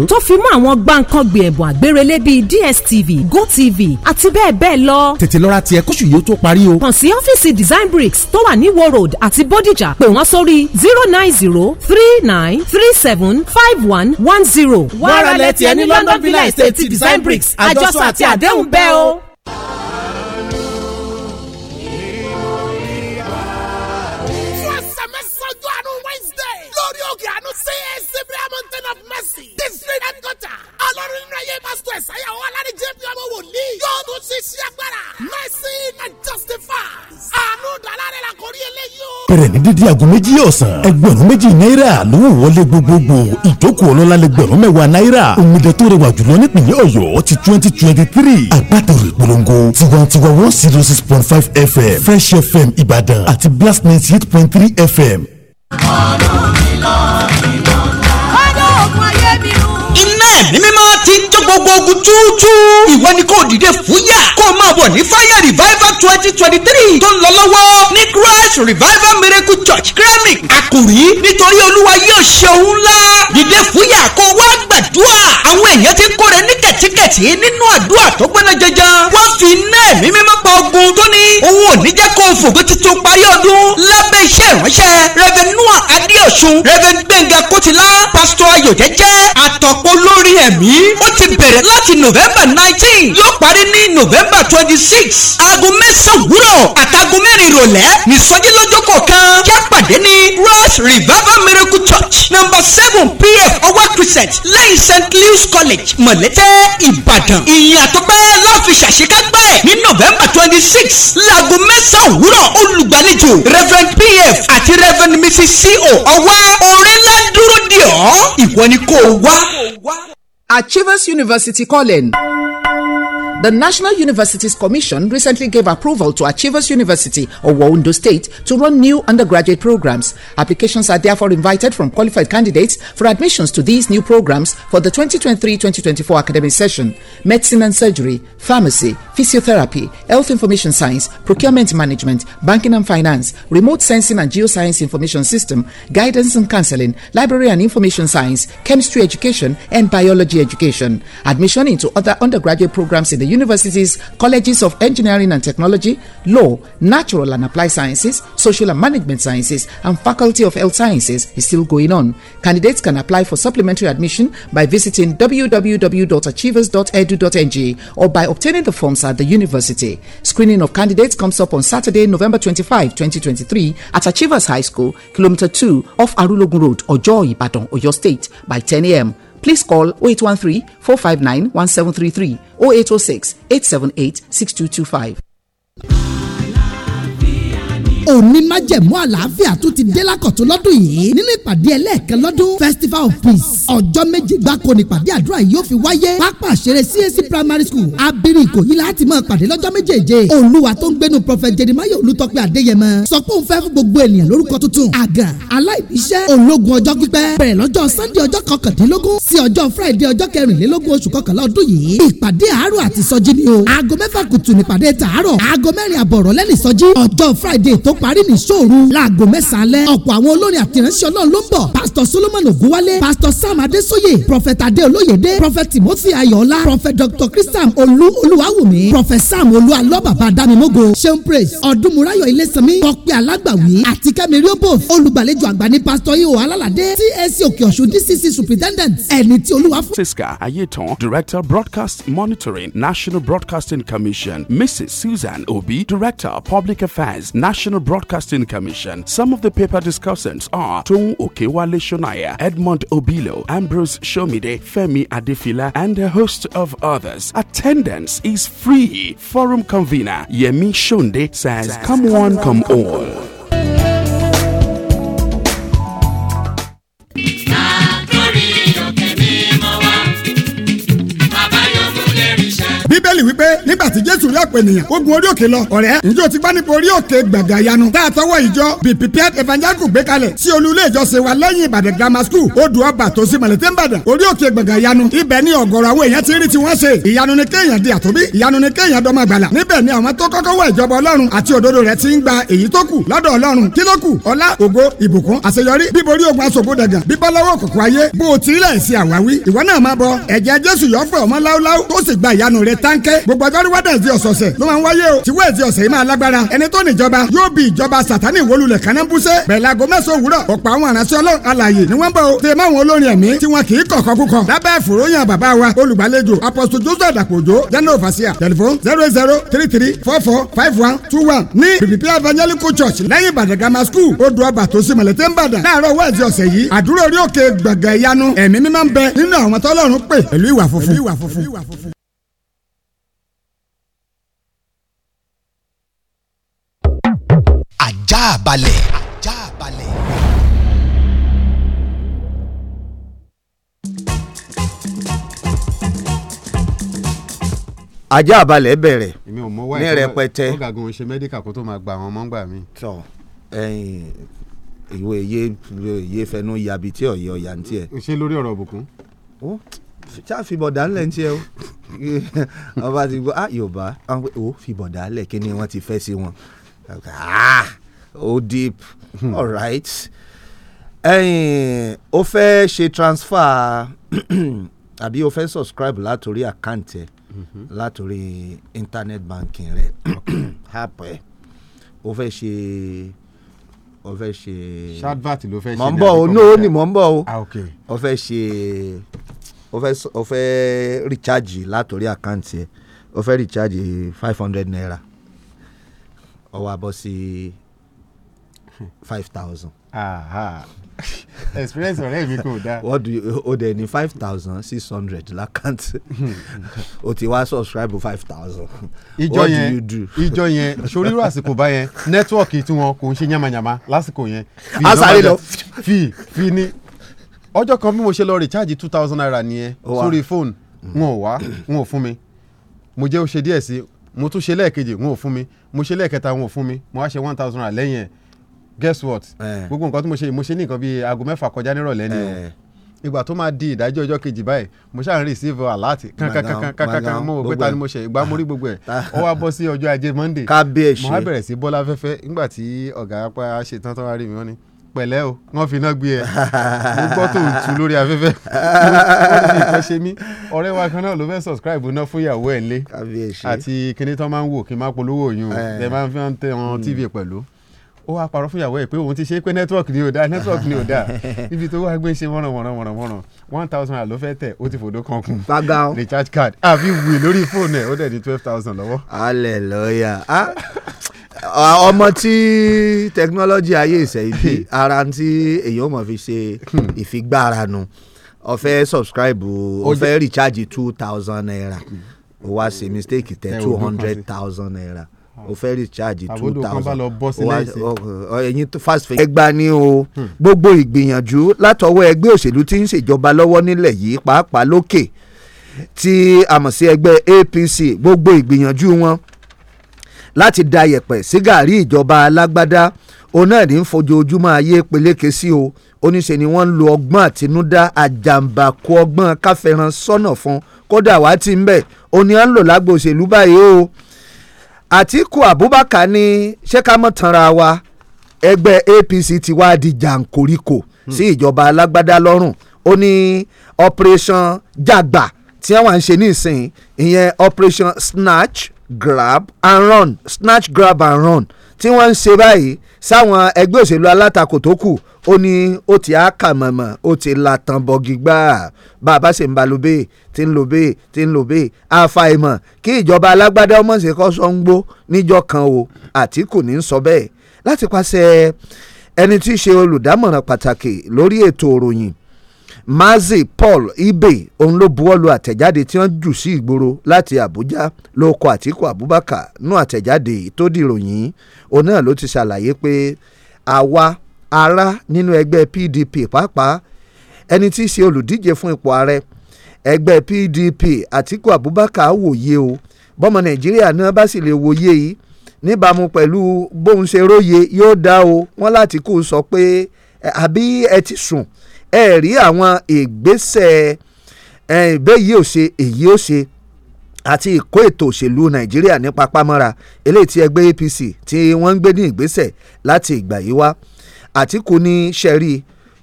ọ̀hún tó fi mọ́ àwọn gbàǹkangbè ẹ̀bùn àgbérelé bíi DSTV GoTV àti bẹ́ẹ̀ bẹ́ẹ̀ lọ. tètè lọ ra tiẹ̀ kóṣù yìí ó tó parí o. kàn sí ọ́fíìsì Design Bricks tó wà ní Iwo Road àti Bódìjà pè wọ́n sórí zero nine zero three nine three seven five one one zero. wàá ra lẹ́tì ẹ London Villa Estate ti Design Bricks àjọṣọ àti àdéhùn bẹ́ẹ̀ o. of mercy district headquarter ọlọ́run nínú ayé pásítọ̀ ẹ̀sáyà wọn alárí jẹ́bi ọmọ wòlíì yóò tún ṣiṣẹ́ agbára mercy and justify àánú ìdáláre la kò rí eléyìí o. bẹ̀rẹ̀ ní dídí aago méjì ọ̀sán ẹgbẹ̀rún méjì náírà ló ń wọlé gbogbogbò ìjókòó ọlọ́lá lẹgbẹ̀rún mẹ́wàá náírà omidan tó rẹwà jùlọ nípìnlẹ̀ ọ̀yọ́ ti twenty twenty three agbátẹrù ìpolongo tiwantiwa one zero six point five fm fresh fm ìbàdàn àti blast ninety eight point three fm. ọdún ti ń jó gbogbo ogun túútú. ìwọ ni kò dìde fúyà kó o máa bọ̀ ní fire revival twenty twenty three tó ń lọ lọ́wọ́ ní christ revival miracle church kremlin akuri nítorí olúwa yóò ṣe òun ńlá dìde fúyà kó o wá gbàdúrà àwọn èèyàn ti kóre ní kẹ̀tíkẹ̀tì nínú àdúrà tó gbóná jẹjẹ wọ́n fi iná ẹ̀mí mímọ́ pa tuntun tó ní òun ò ní jẹ́ kó o fògo tuntun parí ọdún lábẹ́ iṣẹ́ ìránṣẹ́ rẹ́fẹ̀núà adéọ̀sùn rẹ́fẹ̀n gbẹ̀ngà kòtìlá pásítọ̀ ayọ̀ àtọ̀pọ̀ lórí ẹ̀mí ó ti bẹ̀rẹ̀ láti november nineteen yóò parí ní november twenty six aago mẹ́sàn-án wúrọ̀ àtàgọ́ mẹ́rin ìrọ̀lẹ́ nìsọjí lọ́jọ́ kọ̀ọ̀kan kí á pàdé ní rose revival miracle church number seven pf ọwọ́ crescent lẹ́yìn st louis college mọ̀lẹ́tẹ̀ ìbàdàn ìyìn àtọ́pẹ́ láfi ṣàṣekágbá ẹ̀ ní november twenty six six laago mẹ́sàn-án òwúrọ̀ olùgbàlejò reverend pf àti reverend mrs co ọwá orinla dúró dè ọ́ ìwọ ni kò wá. achievers university calling. The National Universities Commission recently gave approval to Achievers University of Wawundo State to run new undergraduate programs. Applications are therefore invited from qualified candidates for admissions to these new programs for the 2023-2024 academic session. Medicine and surgery, pharmacy, physiotherapy, health information science, procurement management, banking and finance, remote sensing and geoscience information system, guidance and counseling, library and information science, chemistry education, and biology education. Admission into other undergraduate programs in the universities, colleges of engineering and technology, law, natural and applied sciences, social and management sciences, and faculty of health sciences is still going on. Candidates can apply for supplementary admission by visiting www.achievers.edu.ng or by obtaining the forms at the university. Screening of candidates comes up on Saturday, November 25, 2023 at Achievers High School, Kilometer 2 off Arulogun Road, Ojo, Ibadan, Oyo State by 10 a.m please call 0813 459 1733 0806 878 6225. òní májẹ̀mú àlàáfíà tún ti dé lákọ̀tún lọ́dún yìí nínú ìpàdé ẹlẹ́ẹ̀kan lọ́dún festival of peace ọjọ́ méje gbáko ni ìpàdé àdúrà yìí yóò fi wáyé pápá àṣẹrẹ CAC primary school abirin ìkòyí láti máa pàdé lọ́jọ́ méjèèje olúwa tó ń gbénu prophet jeremiah olùtọ́pẹ́ adéyẹmọ sọ pé òun fẹ́ fún gbogbo ènìyàn lórúkọ tuntun àgàn aláìníṣẹ́ ológun ọjọ́ pípẹ́ bẹ̀rẹ̀ lọ́jọ́ sunday ọjọ́ kọkàndínlógún sí ọjọ́ friday ọjọ́ kẹrìnlélógún oṣù kọkànlá ọdún yìí ìpàdé àárọ̀ àti ìsọjí ni o aago mẹ́fà kùtù nípàdé tààrọ̀ aago mẹ́rin àbọ̀rọ̀ lẹ́nìí ìsọjí ọjọ́ friday tó tó parí ní sóòru láago mẹ́sàn-án alẹ́ ọ̀pọ̀ àwọn olórin àtìránṣẹ́ ọlọ́run ló ń bọ̀ pásítọ̀ solomon ogunwálé pásítọ̀ sam adésóyè prọfẹ̀t adé olóyèdé prọfẹ̀t timothy ayọ̀ọ́lá prọfẹ̀t dr christian olú olúwàwùmí prọfẹ̀t sam olú alọ́bàbà adámimógo seun praise ọ̀dúnmúráyọ̀ ilésanmi ọ̀pẹ alágbàwí àti kẹ́mi riobof olùgbàlejò àgbà ní pásítọ̀ ihò alálàdé csc òkè ọ̀ṣun dcc superintendent ẹni tí olúwa fún. siska ayetan director broadcast monitoring national broadcasting commission mrs susan obi director public affairs national Broadcasting Commission. Some of the paper discussants are Tung Okewale Shonaya, Edmond Obilo, Ambrose Shomide, Femi Adefila, and a host of others. Attendance is free. Forum convener Yemi Shonde says, Come, come on, come all. bíbélì wípé nígbà tí jésù rí ọ̀pọ̀ ènìyàn ó gun orí òkè lọ ọ̀rẹ́ ǹjẹ́ o ti gbá nípa orí òkè gbàgà yanu tá a tọwọ́ ìjọ be prepared evangelical gbé kalẹ̀ sí olúlé ìjọsìn wa lẹ́yìn ìbàdàn grammar school odò ọba tó sí mọ̀lẹ́tẹ́ ń bàdàn orí òkè gbàgà yanu ibẹ̀ ni ọ̀gọ̀rọ̀ àwọn èèyàn ti rí tiwọn ṣe ìyanu ni kéèyàn di àtòbí ìyanu ni kéèyàn dọ́mọ gbàlà níbẹ̀ ni àwọn tó kọ́kọ́ wọ ìjọba ọlọ́run àti òdodo rẹ̀ ti ń gba èyí tó kù lọ́dọ̀ ọlọ́run kí ló kù ọlá ògo ìbùkún àṣeyọrí bíborí ogun aṣògo dàgàn bíbọ́láwọ́ kòkó ayé bó o ti rí láìsí àwáwí ìwọ náà má bọ ẹ̀jẹ̀ jésù yọ fún ọmọ láúláú tó sì gba ìyanu rẹ táǹkẹ́ gbogbo ọjọ́ wẹ́dẹ̀sì ọ̀sọ̀ọ̀sẹ̀ ló máa ń wáyé o tí wẹ́ẹ̀sì ọ̀sẹ̀ yìí máa lágbára ẹni tó níjọba yóò bí ìjọba sàtánì wólulẹ̀ kánábùsẹ̀ bẹ̀rẹ̀ aago mẹ́sàn-án òwúrọ̀ ọ̀pọ̀ àwọn àránṣẹ́ ọlọ́run alààyè ni wọ́n bọ̀ o tẹ̀ máwọn olórin ẹ̀mí tí wọn kì í kọ̀kọ́ kúkọ̀ lábẹ́ fòróyìn bàbá wa olùgbàlejò apọ̀sù jósù àdàpọ̀jọ́ jẹ́nà zero zero three three four four five one two one ní pìpìpì evangelical church lẹ́yìn ìbàdàn grammar school odò ọba tó sì mọ̀lẹ́tẹ̀ ń bàdàn láàárọ̀ wẹ́ẹ̀sì ọ̀sẹ̀ yìí àdúrà orí òkè gbọ̀ngàn ìyanu balẹ̀. ajá balẹ̀. ajá balẹ̀ bẹ̀rẹ̀ ní rẹpẹtẹ. ó gàgùn ṣe mẹ́díkà kó tó máa gba àwọn ọmọ ńgbà mi. tọ ẹyin ìwé iye iye fẹnu yabi tí ọyẹ ọyà ń tiẹ. ṣé lórí ọ̀rọ̀ òbùkún. ó ṣá fìbọ̀dà ńlẹ̀ ń tiẹ o ọba ti gbọ́ ah, yorùbá ó fìbọ̀dà ńlẹ̀ kí ni wọ́n ti fẹ́ sí wọn. Odip oh, hmm. all right ẹyin ó fẹ́ ṣe transfer àbí o fẹ́ subscribe látòrí àkáǹtì ẹ mm-hmm. látòrí internet banking rẹ app ẹ o fẹ́ ṣe o fẹ́ ṣe shadvat ló fẹ́ ṣe mọ̀ ń bọ̀ o no ni mọ̀ ń bọ̀ o o fẹ́ ṣe o fẹ́ o fẹ́ recharge látòrí àkáǹtì ẹ o fẹ́ recharge five hundred naira ó wá bọ́ sí five thousand. experience ọ̀rẹ́ mi kò dáa. what do you o dẹ̀ ní five thousand six hundred lákàntì o ti wá subscribe five thousand. ìjọ yẹn ìjọ yẹn sorírò àsìkò bá yẹn nẹ́tíwọ̀kì tí wọn kò ń ṣe yamayama lásìkò yẹn. a sáré lọ fi fi ní ọjọ́ kan bí mo ṣe lọ recharge two thousand naira nìyẹn sórí phone. wọn ò wá wọn ò fún mi mo jẹ́ ó ṣe díẹ̀ sí mo tún ṣe lẹ́ẹ̀kejì wọn ò fún mi mo ṣe lẹ́ẹ̀kẹta wọn ò fún mi mo wá ṣe one thousand naira lẹ́yìn ẹ̀ guess what eh. gbogbo nǹkan tí mo ṣe mo ṣe ní nǹkan bíi aago mẹ́fà kọjá nírọ̀lẹ́ ni o eh. ìgbà tó máa di ìdájọ́ ọjọ́ kejì báyìí mo ṣáà ń receive alert kankankankankan mo wò pé ta ni mo ṣe ìgbà mo rí gbogbo ẹ̀ ah. ó wá bọ́ sí ọjọ́ ajé monday mo wá bẹ̀rẹ̀ sí bọ́lá fẹ́fẹ́ nígbà tí ọ̀gá apá ṣe tán tán wá rí mi wọ́n ní pẹ̀lẹ́ o wọ́n fi iná gbé ẹ mo gbọ́ tó ń tu lórí afẹ́fẹ́ wọ́n fi nǹkan ṣe mí ọ̀rẹ́ wa kan náà ló fẹ́ subscribe ná fún ìyàwó ẹ̀ ńlé àti kíní tán máa ń wò kí n má polówó oyún eh. ẹ̀ máa ń fi hàn tẹ wọn hmm. tv pẹ̀lú ó wá parọ́ fúnyàwó ẹ̀ pé òun ti ṣe pé network ni ò dáa nẹ́tíwọ̀kì ni ò dáa níbi tó wá gbé ṣe wọ́nrọ̀wọ̀nrọ̀wọ̀nrọ̀ one thousand naira ló fẹ́ tẹ̀ ó ti fòdó kan kù recharge card àfi wì lórí fóònù ẹ̀ ó dẹ̀ di twelve thousand lọ́wọ́. hallelujah ọmọ tí technology ayé ìsẹ̀yìn bí ara tí èèyàn mọ̀ fi ṣe hmm. ìfigbára nu ọ̀fẹ́ subscribe ọ̀fẹ́ recharge two thousand naira hmm. ó wá ṣe mistake tẹ̀ two hundred thousand naira o ah. fẹ́ recharge two thousand ẹ̀yin fast fẹ́. ẹgbà ni o hmm. gbogbo ìgbìyànjú látọwọ́ ẹgbẹ́ òṣèlú tí ń ṣèjọba lọ́wọ́ nílẹ̀ yìí pàápàá lókè tí a mọ̀ sí ẹgbẹ́ APC gbogbo ìgbìyànjú wọn láti da yẹ̀pẹ̀ sí gàrí ìjọba alágbádá òun náà ní fojoojúmọ́ ayé peléke sí o oníṣe ni wọ́n ń lo ọgbọ́n àtinúdá àjàǹbàkú ọgbọ́n káfẹ́ràn sọ́nà fún kódà wá ti ń bẹ̀ òun ni wọ́n ń lò lágbo òṣèlú báyìí o Àtíkù Abubakar ní ṣé ká tanra wa ẹgbẹ́ APC ti wá di jàǹkóríkò hmm. sí ìjọba alágbádá lọ́rùn ó ní operation jagba tí wọ́n ń ṣe nísìnyí ìyẹn operation snatch grab and run snatch grab and run tí wọ́n ń ṣe báyìí sáwọn ẹgbẹ́ òṣèlú alátakò tó kù ó ní ó ti á kà mọ̀mọ̀ ó ti la tán bọ́gi gbá bá a bá ṣe ń ba lo bẹ́ẹ̀ tí ń lo bẹ́ẹ̀ tí ń lo bẹ́ẹ̀ àfàìmọ̀ kí ìjọba alágbádá ọmọ ṣe kọ́ sọ ń gbó níjọ́ kan o Àtìkù ní sọ bẹ́ẹ̀ láti pàṣẹ ẹni tí í ṣe olùdámọ̀ràn pàtàkì lórí ètò òròyìn Mazi Paul Ibe òun ló buwọ́lu àtẹ̀jáde tí wọ́n jù sí ìgboro láti Àbújá ló kọ Àtìkù Abubakar nú àtẹ̀jáde tó dìròyìn òun náà ló ti ṣàlàyé pé àwa Ara nínú ẹgbẹ́ PDP pàápàá ẹni tí í ṣe olùdíje fún ipò ààrẹ ẹgbẹ́ PDP Àtíkù Abubakar wòye o bọ́mọ Nàìjíríà náà bá sì lè wòye yìí níbàámu pẹ̀lú bóun ṣe róye yóò dá o wọ́n láti kú sọ pé àbí ẹ ti sùn ẹ rí àwọn ìgbésẹ̀ ìbéyìí ò ṣe èyí ò ṣe àti ìkó ètò òṣèlú Nàìjíríà ní papámọ́ra eléyìí tí ẹgbẹ́ APC tí wọ́n ń gbé ní ìgbésẹ̀ láti ìgbà yìí wá Àtìkù ní sẹ́rí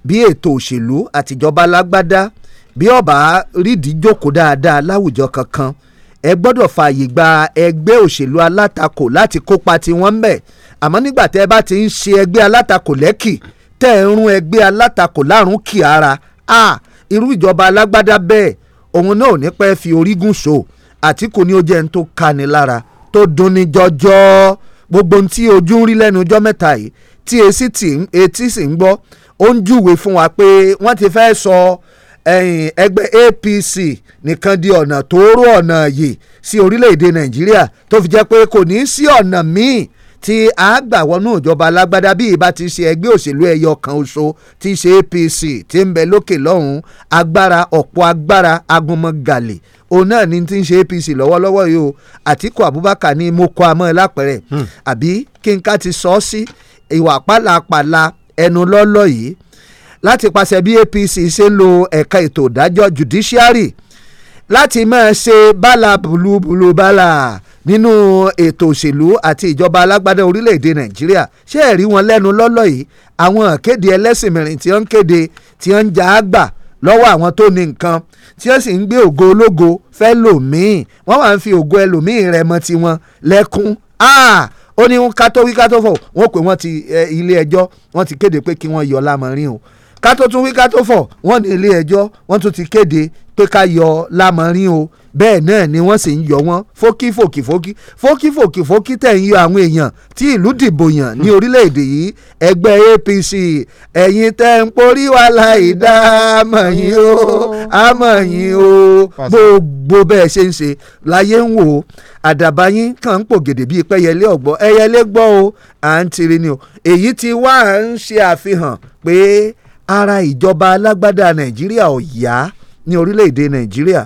bí ètò òṣèlú àtijọba lágbádá bí ọba rídìí jókòó dáadáa láwùjọ kankan ẹ gbọ́dọ̀ fààyè gba ẹgbẹ́ òṣèlú alátakò láti kópa tiwọn ńbẹ̀ àmọ́ nígbà tẹ́ ẹ bá ti ń ṣe ẹgbẹ́ alátakò lẹ́kì tẹ́ ẹ ń rún ẹgbẹ́ alátakò lárùn kì ara a irú ìjọba alágbádá bẹ́ẹ̀ òun náà ò ní pẹ́ fi orígun so Àtìkù ni ó jẹ́ tó kani lára tó dunni jọjọ́ gbogbo ohun tí ojú ń rí lẹ́nu ọjọ́ mẹ́ta yìí tí etí sì ń gbọ́ ó ń júwe fún wa pé wọ́n ti fẹ́ sọ ẹgbẹ́ APC nìkan di ọ̀nà tóóró ọ̀nà yìí sí orílẹ̀-èdè Nàìjíríà tó fi jẹ́ pé kò ní í sí ọ̀nà míì tí a gbà wọnú ìjọba alágbádá bí ìbá ti ṣe ẹgbẹ́ òṣèlú ẹyọ kan oṣù tí í ṣe APC tí ń bẹ lókè lọ́hùn-ún agbára ọ̀pọ̀ agbára agunmọ̀gàlè òun náà ni ti ń ṣe APC lọ́wọ́lọ́wọ́ yìí o Àtíkù Abubakar ní mo kọ́ amọ́ ẹ lápẹ̀rẹ̀ hmm. àbí kínká ti sọ ọ́ sí ìwà pálapàla ẹnu lọ́lọ́ yìí láti pàṣẹ bí APC ṣe ń lo ẹ̀ka ètò ìdájọ́ judiciary láti máa ṣe bálà bùlùbùlù bálà nínú ètò òṣèlú àti ìjọba alágbádá orílẹ̀-èdè nàìjíríà ṣé ẹ̀rí wọn lẹ́nu lọ́lọ́ yìí àwọn kéde ẹlẹ́sìn mẹ́rin tí wọ́n ń kéde tí wọ́n ń jà á gbà lọ́wọ́ àwọn tó ní nǹkan tí wọ́n sì ń gbé ògo ológo fẹ́ lòmíì wọ́n wá ń fi ògo ẹlòmíì rẹ̀ mọ́ tiwọn lẹ́kún ó ní ká tó wí ká tó fọ̀ wọ́n pè wọ́n ti eh, ilé ẹjọ́ wọ́n ti kéde pé kí wọ́n yọ Lámọrin o ká tó tún wí ká tó fọ̀ wọ́n ní ilé ẹjọ́ wọ́n tún ti kéde pé ká yọ lámọ̀rin o bẹ́ẹ̀ náà ni wọ́n sì ń yọ wọ́n fókífòkìfókí fókífòkìfókí tẹ̀ ń yọ àwọn èèyàn tí ìlú dìbò yàn ní orílẹ̀-èdè yìí ẹgbẹ́ APC ẹ̀yin tẹ́ ń porí wa láì dá àmọ̀yìn o àmọ̀yìn o gbogbo bẹ́ẹ̀ ṣe ń ṣe láyé ń wò ó àdàbà yín kàn ń pògèdè bíi pẹ́yẹlé ọ̀gbọ́ ẹyẹlé gbọ́ o à ń tiri ni o èyí tí wàá ń ṣe àfihàn pé ara ìjọba alágbádá Nàìjíríà ò yá ní orílẹ̀-èdè nàìjíríà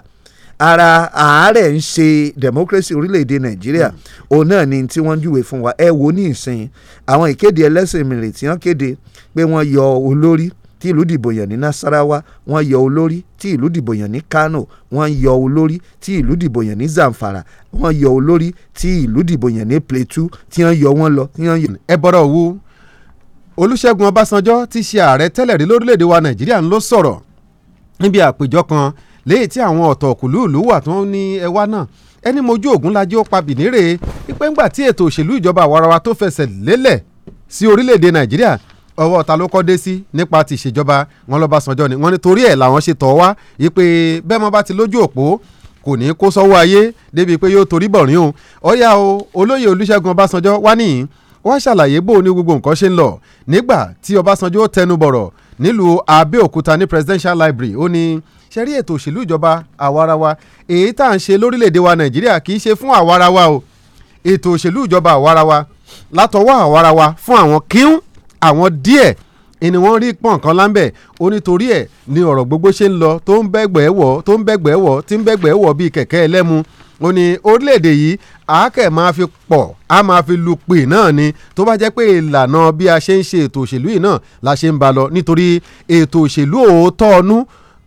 ara àárẹ̀ ń ṣe democracy orílẹ̀-èdè nàìjíríà hmm. òun náà ni tí wọ́n júwe fún wa ẹ wo ní ìsìn àwọn ìkéde ẹlẹ́sìn mìíràn tí wọ́n kéde pé wọ́n yọ olórí tí ìlú dìbò yàn ní Nasarawa wọ́n yọ olórí tí ìlú dìbò yàn ní Kano wọ́n yọ olórí tí ìlú dìbò yàn ní Zamfara wọ́n yọ olórí tí ìlú dìbò yàn ní Plateau tí wọ́n yọ wọ́n lọ. ẹ bọ́dọ̀ wo Olúṣẹ́gun Ọbásanjọ́ ti ṣe ààrẹ tẹ́lẹ̀ lórílẹ̀‐èdè wa Nàìjíríà ń lọ sọ̀rọ̀ níbi àpèjọ kan léyìí tí àwọn ọ̀tọ̀ kùlùlù wà tó ń ní ẹwà náà ẹni mojú ògùn lajẹ́ ó pa bìnírè pípẹ́ ńgbà tí ètò òṣèlú ìjọba àwarawa tó fẹsẹ̀ lélẹ̀ sí orílẹ̀-èdè nàìjíríà ọwọ́ ta ló kọ́ dé sí nípa ti ìṣèjọba wọn lọ́ba sanjọ́ ni wọ́n ní torí ẹ̀ làwọn ṣe tọ̀ wá wípé bẹ́ẹ̀ mọ́ bá ti lójú òpó kò ní kó sọ́wọ́ ayé débi pé yóò torí bọ̀rín o ọ̀yá o olóyè olúṣẹ́gun ọbásanjọ́ wá nìyí wọ́n ṣàlàyé bó o ní gbogbo nǹkan ṣe ń lọ nígbà tí ọbásanjọ́ tẹnu bọ̀rọ̀ nílùú Abẹ́òkúta ní Presidential Library ó ní ṣe rí ètò òṣèlú ìjọba àwarawa èyí tá à ń ṣe lórílẹ̀‐èdè wa Nàìjíríà kì í ṣe fún àwarawa o ètò òṣèlú ìjọba àwarawa látọwọ́ àwarawa fún àwọn kíún àwọn díẹ̀ ni wọ́n rí pọ̀n kan láńbẹ̀ ó nítorí ẹ̀ ni ọ̀rọ̀ gbogbo ṣe ń lọ tó ń bẹ́gbẹ̀ẹ́ tó ń bẹ́gbẹ̀ẹ́ tí ń bẹ́gbẹ̀ẹ́ bíi kẹ̀kẹ́ ẹlẹ́mu ó ní orílẹ̀-èdè yìí àákẹ́ máa fi pọ̀ a máa fi lu pè náà ni tó bá jẹ́ pé ìlànà bí a ṣe ń ṣe ètò òṣèlú yìí náà la ṣe ń ba lọ nítorí ètò òṣèlú òótọ́ ọnú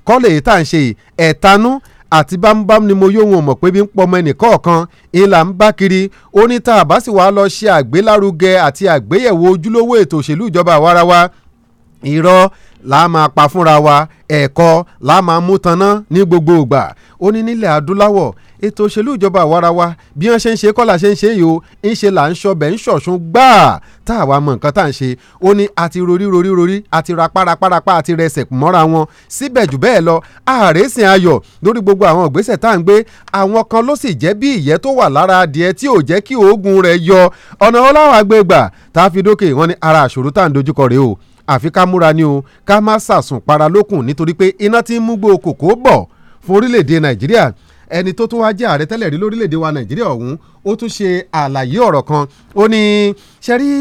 kọ́lẹ̀ tá à ń ṣe ẹ̀tanú àti bámbám ni mo yóò mọ̀ pé bí ń pọmọ ẹnìkọ̀ọ̀kan ìlà ń bá kiri ó ní tá a bá sì wá lọ ṣe àgbélárugẹ àti àgbéyẹ̀wò ojúlówó ètò òṣèlú ìjọba àwarawa irọ́ la máa pa fúnra wa ẹ̀kọ́ la máa mú tanná ní gbogbo ìgbà ó ní nílẹ̀ adúláwọ̀ ètò òṣèlú ìjọba àwarawa bí wọ́n ṣe ń ṣe kọ́là ṣe ń ṣe yìí ó ń ṣe là ń ṣọbẹ̀ ń ṣọ̀ṣun gbáà tá àwa mọ̀ nǹkan tá à ń ṣe ó ní àti rorí rorí rorí àti rapárapárapá àti rẹsẹ̀ mọ́ra wọn síbẹ̀ jù bẹ́ẹ̀ lọ ààrẹ sìn ayọ̀ lórí gbogbo àwọn ìgbésẹ̀ tá à ń gbé àwọn kan ló sì jẹ́ bí ìyẹ́ tó wà lára adìẹ tí ò jẹ́ kí òógùn rẹ̀ yọ ọ̀nà ọláwàgbẹ́gbà tá a fi dókè wọn ní ara àṣòro tá à ń dojúkọ rèé o àfi ká múra ni o ká má sàsùn para lókun nítorí pé iná ti ń múgbó kòkó bọ̀ fún orílẹ̀-èdè nàìjíríà ẹni tó tún wá jẹ́ ààrẹ tẹ́lẹ̀ rí lórílẹ̀‐èdè wa nàìjíríà ọ̀hún ó tún ṣe àlàyé ọ̀rọ̀ kan ó ní ṣe rí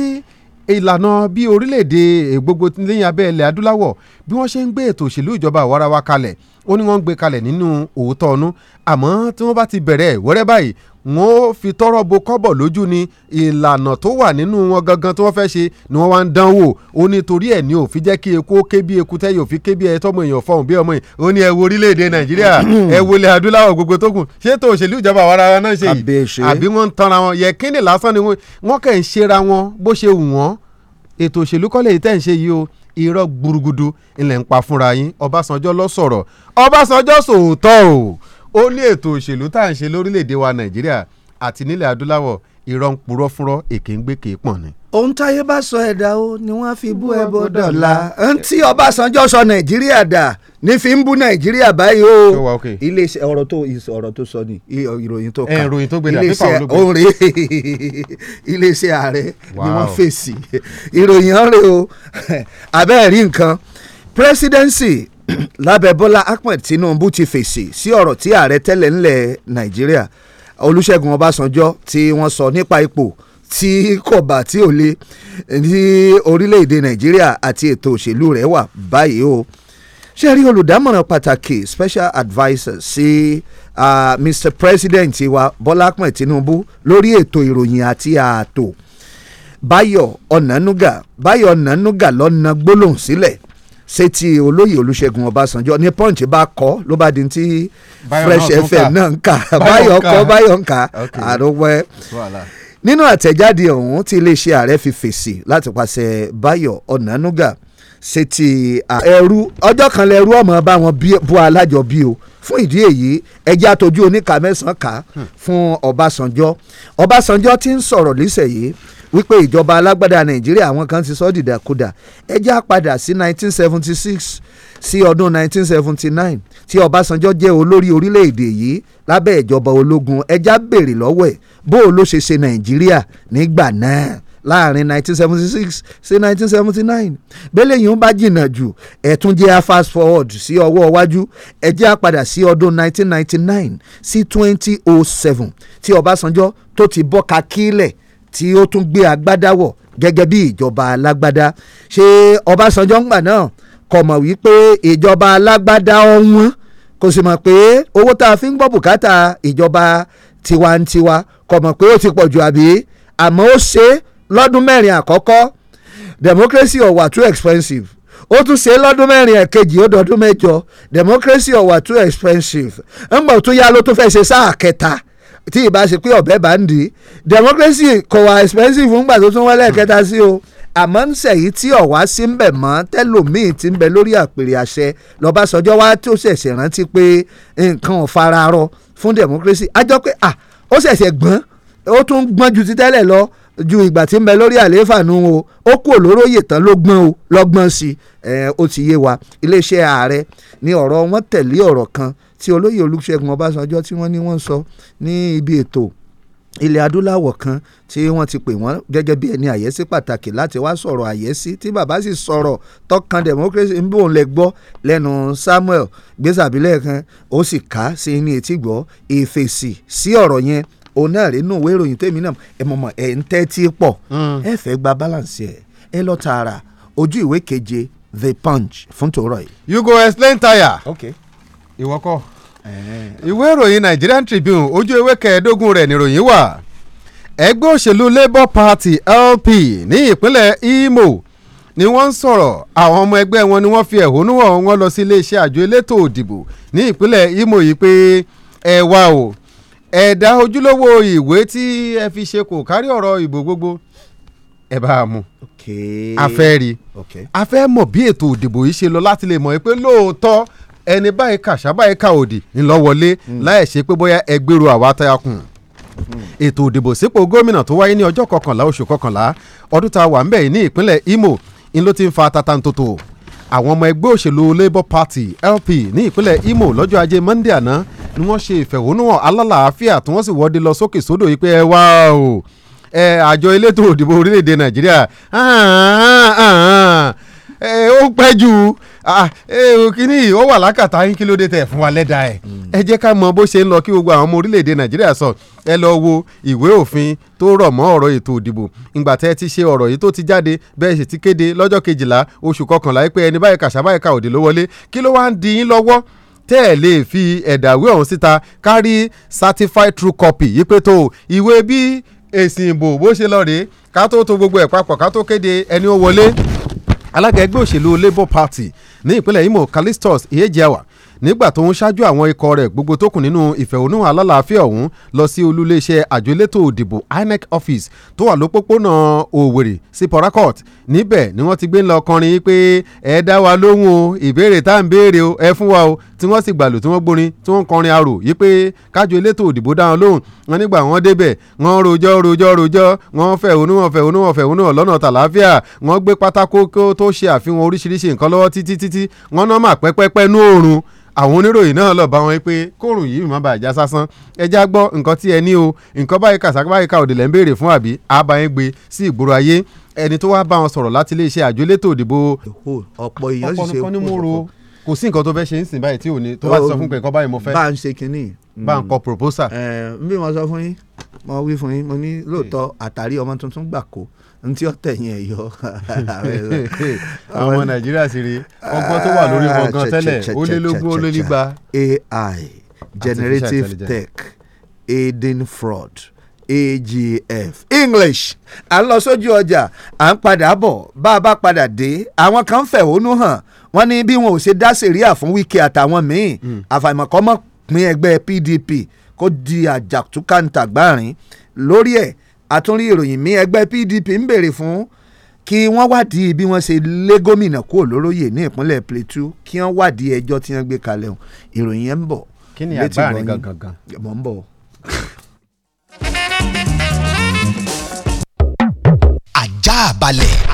ìlànà bí orílẹ̀‐èdè gbogbo lẹ́yìn abẹ́ ilẹ̀ adúláwọ̀ bí wọ́n ṣe ń gbé ètò òṣèlú ìjọba àwarawa kalẹ̀ ó ní wọ́n ń gbé kalẹ̀ nínú òótọ́ ọ̀nú àmọ́ tí wọ́n bá ti bẹ̀rẹ̀ wẹ́rẹ́ báyìí n ó fi tọrọ bo kọ́bọ̀ lójú ni ìlànà tó wà nínú wọn gangan tí wọ́n fẹ́ ṣe ni wọ́n wá ń dán wò ó ní torí ẹ̀ ní òfin jẹ́ kí eku ó ké bí eku tẹ́ yóò fi ké bí ẹ tọ́mọ èèyàn fọhùn bí ọmọ yìí ó ní ẹ wo nàìjíríà ẹ wo ilẹ̀ gbogbo tó kù ṣé tó òṣèlú ìjọba àwọn ara náà ṣe yìí àbí wọ́n ń tanra wọn yẹ kíni lásán ni wọ́n kàn ń ṣera wọn bó ṣe wù wọ́n ètò òṣèlú kọ́lẹ̀ yìí tẹ̀ ń ṣe yìí o irọ́ gburugudu ilẹ̀ ń pa fúnra yín ọbásanjọ́ ló sọ̀rọ̀ ọbásanjọ́ sòótọ́ o ó ní ètò òṣèlú tá à ń ṣe lórílẹ̀‐èdè wa nàìjíríà àti nílẹ̀ adúláwọ̀ irọ́ ń purọ́ fúnrọ́ èké ń gbé kéé pọ̀n ni. ohun táyé bá sọ ẹ̀dá o ni wọ́n fi bú ẹbọ dọ̀la ohun tí ọbásanjọ́ sọ nàìjíríà dà ní fi ń bú nàìjíríà báyìí o iléeṣẹ́ ọ̀rọ̀ tó ọ̀rọ̀ tó sọ ni ìròyìn tó kà ìròyìn tó gbéra pípa olóògbé iléeṣẹ́ ọ̀rẹ́ iléeṣẹ́ ààrẹ ni wọ́n fèsì ìròyìn ọ̀rẹ́ o abẹ́ẹ̀rí nǹkan presidency lábẹ́ Bọ́lá Ahmed Tinubu ti fèsì sí ọ̀rọ̀ tí ààrẹ tẹ́lẹ̀ ńlẹ̀ Nàìjíríà Olúṣẹ́gun Ọbásanjọ́ tí wọ́n sọ nípa ipò tí kò bá tí ò le ní orílẹ̀-èdè Nàìjíríà àti ètò òṣèlú rẹ̀ wà báyìí o ṣe rí olùdámọ̀ràn pàtàkì special adviser sí uh, Mr. President wa Bọ́lá Ahmed Tinubu lórí ètò ìròyìn àti ààtò Báyọ̀ Ọ̀nànúgà Báyọ̀ Ọ̀nànúgà lọ́nà gbólóhùn sílẹ̀ sétí olóyè olúṣẹ̀gun ọbásanjọ́ ní punch bá kọ ló bá di ti fresh fm náà ń kà báyọ̀ kọ báyọ̀ ń kà àròwẹ́ nínú àtẹ̀jáde ọ̀hún tí iléeṣẹ́ ààrẹ fi fèsì láti pàṣẹ báyọ̀ ọ̀nànúgà sétí ẹrú ọjọ́ kan lẹ́rú ọmọ bá wọn bu alájọ bí o fún ìdí èyí ẹjẹ́ àtọ́jú oníkà mẹ́sàn-án kà hmm. fún ọbásanjọ́ ọbásanjọ́ ti ń sọ̀rọ̀ lísẹ̀ yìí wípé ìjọba alágbádá nàìjíríà àwọn kan ti sọ dìdàkudà ẹ já padà sí 1976 sí ọdún 1979 tí ọbásanjọ́ jẹ́ olórí orílẹ̀-èdè yìí lábẹ́ ìjọba ológun ẹ já béèrè lọ́wọ́ ẹ̀ bó o ló ṣe ṣe nàìjíríà nígbà náà láàrin 1976 sí 1979 bẹ́lẹ̀ yìí ń bá jìnnà jù ẹ̀ jẹ́ a fast forward sí ọwọ́ iwájú ẹ̀ jẹ́ a padà sí ọdún 1999 sí 2007 tí Ọbásanjọ́ tó ti bọ́ kakílẹ̀ tí ó tún gbé agbádá wọ̀ gẹ́gẹ́ bí ìjọba alágbádá ṣé Ọbásanjọ́ ńgbà náà kò mọ̀ wípé ìjọba alágbádá ọ̀hún kò sì mọ̀ pé owó tá a fi ń gbọ́ bùkátà ìjọba tiwantiwa kò mọ̀ pé ó ti pọ̀ jù àbí àmọ́ ó ṣe lọ́dún mẹ́rin àkọ́kọ́ democracy ó wà too expensive ó tún ṣe lọ́dún mẹ́rin ẹ̀kejì ó dọ̀dún mẹ́jọ democracy ó wà too expensive ńgbà tó yá ló tún fẹ́ ṣe sáà kẹta tí ìbá ṣe pé ọ̀bẹ bá ń dì democracy kò wá expensive ńgbà tó tún wọlé ẹ̀kẹta sí o àmọ́ ń sẹ̀yí tí ọ̀wá sí ń bẹ̀ mọ́ tẹ́lòmíì ti ń bẹ lórí àpèrè àṣẹ lọ́bàṣọjọ́ wá tó ṣẹ̀ṣẹ̀ rántí pé nǹkan ò fararọ fún democracy a jọ pé à ó ṣẹ̀ṣẹ̀ gbọ́n ó tún gbọ́n ju ti tẹ́lẹ̀ lọ ju ìgbà tí ń bẹ lórí àlééfàánú o ó kú olóróyè tán ló gbọ́n o lọ́gbọ́n sí i ó ti yé wa iléeṣẹ́ ààrẹ ni ọ̀rọ̀ wọn tẹ̀lé ọ̀rọ̀ kan tí olóyè olúṣẹ́gun ọbásanjọ́ tí wọ́n ní wọ́n sọ ní ibi ètò ilẹ̀ adúláwọ̀ kan tí wọ́n ti pè wọ́n gẹ́gẹ́ bí ẹni àyẹ́sí pàtàkì láti wá sọ̀rọ̀ àyẹ́sí tí bàbá sì sọ̀rọ̀ tọkàn democracy ń bòun lẹ gbọ́ lẹ́nu Samuel gbèsàbílẹ̀ kan ó sì ká sí ní etí gbọ́ ìfèsì sí ọ̀rọ̀ yẹn òun náà rí nù wérò yìí tèmi náà ẹ mọ̀mọ́ ẹ̀ ń tẹ́tí pọ̀ mm. ẹ fẹ́ gba balance ẹ ẹ lọ tààrà ojú ìwé keje The Punch fún tòórọ̀ yìí. You go explain tire. Okay. ìwọ́kọ̀. Eh. ìwé ìròyìn Nigerian Tribune ojú ewé kẹẹ̀ẹ́dógún rẹ̀ nìròyìn wà ẹgbẹ́ òṣèlú Labour Party LP ní ìpínlẹ̀ Imo ni wọ́n ń sọ̀rọ̀ àwọn ọmọ ẹgbẹ́ wọn ni wọ́n fi ẹ̀hónú hàn wọ́n lọ sí iléeṣẹ́ àjọ elétò òdìbò ní ìpínlẹ̀ Imo yìí pé ẹ wá o ẹ̀dá ojúlówó ìwé tí ẹ fi ṣe kò kárí ọ̀rọ̀ ìbò gbogbo ẹ bá a mú a fẹ́ rí a fẹ́ mọ̀ bí ètò òdìbò yìí ṣe lọ láti lè mọ̀ pé lóòótọ́ ẹni báyìí kà sábàyìí kà òdì ńlọ́wọlé hmm. láì ṣe pé bóyá ẹgbẹ́rú àwa táyà kùn hmm. ètò òdìbò sípò gómìnà tó wáyé ní ọjọ́ kọkànlá oṣù kọkànlá ọdún tá a wà ń bẹ̀ ní ìpínlẹ̀ Imo ń ló ti ń fa tatantoto àwọn ọmọ ẹgbẹ́ òṣèlú Labour Party LP ní ìpínlẹ̀ Imo lọ́jọ́ ajé Monday àná ni wọ́n ṣe ìfẹ̀hónúhàn alálàáfíà tí wọ́n sì wọ́de lọ sókè sódò yìí pé ẹ wá o ẹ àjọ elétò òdìbò orílẹ̀-èdè ó pẹ́ jù Ah, yìí eh, o wà lákàtà yín kí ló dé tẹ̀ fún wa lẹ́dà ẹ̀ hmm. ẹ jẹ́ ká mọ bó ṣe ń lọ kí gbogbo àwọn ọmọ orílẹ̀-èdè nàìjíríà sọ ẹ lọ wo ìwé òfin tó rọ̀ mọ́ ọ̀rọ̀ ètò ìdìbò ìgbà tẹ́ ti ṣe ọ̀rọ̀ yìí tó ti jáde bẹ́ẹ̀ sì ti kéde lọ́jọ́ kejìlá oṣù kọkànlá pé ẹni báyìí kàṣà báyìí ka òdì ló wọlé kí ló wá ń di yín lọ́wọ́ tẹ́ ẹ̀ lè fi ẹ̀dàwé ọ̀hún síta kárí certified true copy yìí pé tó ìwé bí èsì ìbò bó ṣe lọ rèé ká tó to gbogbo ẹ̀ papọ̀ ká tó kéde ẹni ó wọlé alága ẹgbẹ́ òṣèlú labour party ní ìpínlẹ̀ imo callistus ihejiawa nígbà tó ń ṣáájú àwọn ikọ̀ rẹ̀ gbogbo tó kù nínú ìfẹ̀hónúhàn alálàáfíà ọ̀hún lọ sí olúléeṣẹ́ àjọ òdìbò inec office tó wà lópópónà òwèrè sí port harcourt níbẹ̀ ni wọ́n ti gbé ńlọ kọrin pé ẹ dá wa lóhùn o ìbéèrè tá à ń béèrè o ẹ fún wa o tí wọ́n sì gbàlù tí wọ́n gbórin tí wọ́n kọrin arò yí pé kájọ elétò òdìbò dáhùn lóhùn wọn nígbà wọn débẹ̀ wọn rojọ́ rojọ́ rojọ́ wọn fẹ̀hónú wọn fẹ̀hónú wọn fẹ̀hónú wọn lọ́nà tàlàáfíà wọn gbé pátákó tó ṣe àfihàn oríṣiríṣi nǹkan lọ́wọ́ títí títí wọn náà mà pẹ́pẹ́pẹ́ nú oòrùn àwọn oníròyìn náà lọ bá wọn pé kóòrùn yìí má bàa já sásán ẹjá gbọ́ nǹkan tí ẹ ní o nǹkan báyìí kàṣà báyìí ka òdìlẹ̀ ń béèrè fún àbí àbáyé gbé sí ìgboro ayé ẹni tó wá bá wọn sọ̀rọ̀ láti iléeṣẹ́ àjọ elétò òdìbò. ọ̀pọ̀ èèyàn sì ṣe kókó kò sí nǹkan tó fẹ́ ṣe ń sìn báyìí tí ò ní tó bá ti sọ fún pé nǹkan báyìí mo fẹ́. bá a ń ṣe kínní. bá a ń kọ proposal. ẹ n bí mo sọ fún yín mo wí fún yín mo ní lóòótọ́ àtàrí ọmọ tuntun gbà kó n tí ó tẹ̀yìn ẹ̀ yọ. àwọn nàìjíríà sì rí ọgbọ́n tó wà lórí wọn gan tẹ́lẹ̀ ó lé lógún ó lé nígba. AI generative tech aiding fraud AGF English à ń lọ sójú ọjà à ń padà bọ̀ bá a bá padà dé àwọn kan fẹ̀hónú hàn wọ́n ní bí wọn ò ṣe dá sẹ̀ríà fún Wíkẹ́ àtàwọn míì hmm. àfàìmọ̀kọ́ mọ̀ pín ẹgbẹ́ PDP kó di àjàtúkàǹtà gbáàrin lórí ẹ̀ àtúnrí ìròyìn mi ẹgbẹ́ PDP ń béèrè fún kí wọ́n wádìí bí wọ́n ṣe lé gómìnà kúrò lóróyè ní ìpínlẹ̀ Plateau kí wọ́n wádìí ẹjọ́ tí wọ́n gbé kalẹ̀ hàn ìròyìn yẹn ń bọ̀ kí ni àgbáàrin gangan gan mọ̀ ń bọ̀. àjà balẹ̀.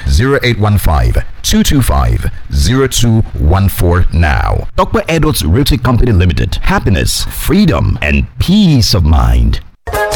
0815-225-0214 now. Dr. Edwards Realty Company Limited. Happiness, freedom, and peace of mind.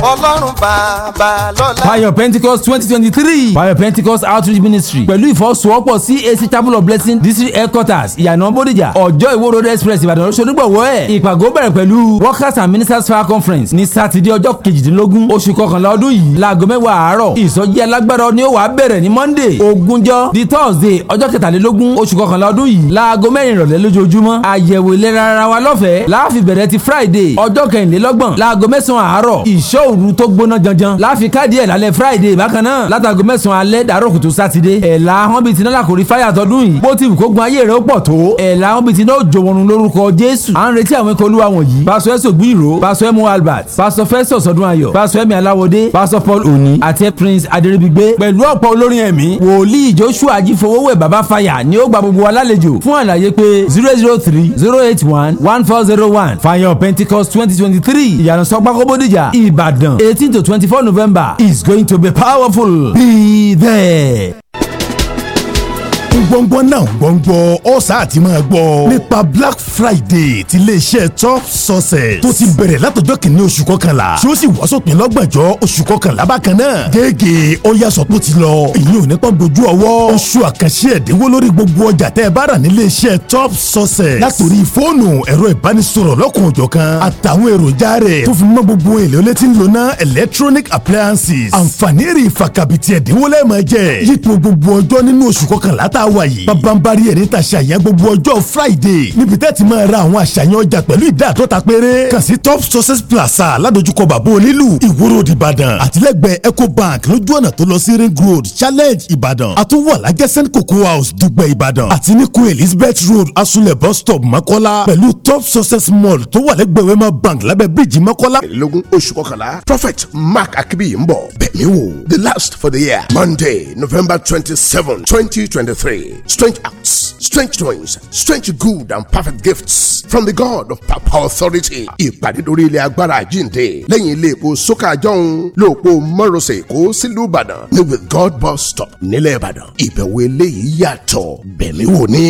ọlọ́run bàbá lọ́la. fire pentecost twenty twenty three fire pentecost outreach ministry pẹ̀lú ìfọwọ́sowọ́pọ̀ cac chapel of blessing district headquarters ìyànà bódìjà ọjọ́ ìwó road express ìbàdàn lọ́sọdúngbọ̀wọ́ ẹ̀ ìpàgọ́ bẹ̀rẹ̀ pẹ̀lú workers and ministers fire conference ní sátidé ọjọ́ kejìdínlógún oṣù kọkànlá ọdún yìí láago mẹ́wàá àárọ̀ ìsọjí alágbára ni ó wà bẹ̀rẹ̀ ní monday ogúnjọ́ di thursday ọjọ́ kẹtàlélógún oṣù kọkànlá ọdún yìí láago mẹ́rin ìrọ̀lẹ́ lójoojúmọ́ àyẹ̀wò ìlera ara wa lọ́fẹ̀ẹ́ láàfin bẹ̀rẹ̀ ti friday ọjọ́ kẹrìnlélọ́gbọ̀n láago mẹ́sàn-án àárọ̀ ìṣọ́ òru tó gbóná janjan láfi káàdì ẹ̀ lálẹ́ friday bákan náà látago mẹ́sàn-án alẹ́ dàárọ̀ kùtù sátidé ẹ̀la wọn bíi tiná làkòrí fáyà tọdún yìí bó ti wù kó gun ayé rẹ̀ ó pọ̀ tó ẹ̀la wọn bíi tiná òjò wọnú lórúkọ jésù à ń retí àwọn ikọ̀ olúwa wọ̀nyí pásọ ẹ̀sọ̀ gbìrò pásọ ẹ̀mú albert pásọ festus ọdúnayọ̀ pásọ ẹ̀mí aláwọdé pásọ paul oni àti prince adéríbigbé pẹ̀lú ọ̀pọ̀ olórin ẹ̀mí wòlíì joshua ajífowówẹ̀ baba fàyà ni ó gba gbogbo wa lálejò fún àlàyé pé zero zero three zero eight one one four zero one fire pentecost twenty twenty three ìyànà sọgbàkọ́bódìjà ì Ibadan, 18 to 24 November is going to be powerful. Be there gbọ́ngbọ́n náà gbọ́ngbọ́ ọ̀sà àti máa gbọ́. nípa black friday ti iléeṣẹ́ top success tó ti bẹ̀rẹ̀ látọjọ́ kìíní oṣù kọkànlá tí ó sì wá sópin lọ́gbọ̀njọ́ oṣù kọkànlá bákan náà. gẹ́gẹ́ ọ̀yàsọ̀ tó ti lọ èyí ò ní tán dojú ọwọ́. oṣù àkànṣe ẹ̀dínwó lórí gbogbo ọjà tẹ́ ẹ bá rà ní iléeṣẹ́ top success. látòrí fóònù ẹ̀rọ ìbánisọ̀rọ̀ lọ́kùnjọ̀kan àtàwọn èròjà rẹ̀ tó fi mọ́ gbogbo èlé olé tí ń lò ná electronic appliances. àǹfààní rè fàkàbìtì ẹ̀dínwó lẹ́ẹ̀mọ́ jẹ́ yípo gbogbo ọjọ́ nínú oṣù kọkànlá tá wà yìí babambari ẹ̀rí ta ṣàyàn gbogbo ọjọ́ friday níbi tẹ́ ti máa ra àwọn àṣàyàn ọjà pẹ̀lú ìdá àtọ́ta péré kàn sí top success plaza ládojúkọ bàbá onílù ìwúrò ìbàdàn àtìlẹ́gbẹ̀ẹ́ ecobank lójú ọ̀nà tó lọ sí ring road challenge ìbàdàn àtúwọ̀ lágẹ́sẹ̀n cocoa house dùgbẹ̀ ìbàdàn àti ní queen elizabeth road asunlẹ̀ bus stop mọ́kọ́lá pẹ̀lú top success mall tó wà lẹ́gbẹ̀ẹ́ ma bank lábẹ́ bíríìjì mọ́kọ́lá. ìlógún oṣù kọkànlá prophet mark akibi ń bọ̀ bẹ̀mí wò the last for the year monday november twenty seven twenty twenty three pray. Strange acts, strange doings, strange good and perfect gifts from the God of power authority. Ìpàdé lórí ilẹ̀ agbára àjíǹde lẹ́yìn ilé epo Sókà Jọ́hún lóòpó Mọ́rọ̀sẹ̀ Èkó sílùú Ìbàdàn ní with God bus stop nílẹ̀ Ìbàdàn. Ìbẹ̀wò eléyìí yàtọ̀ bẹ̀mí wò ní.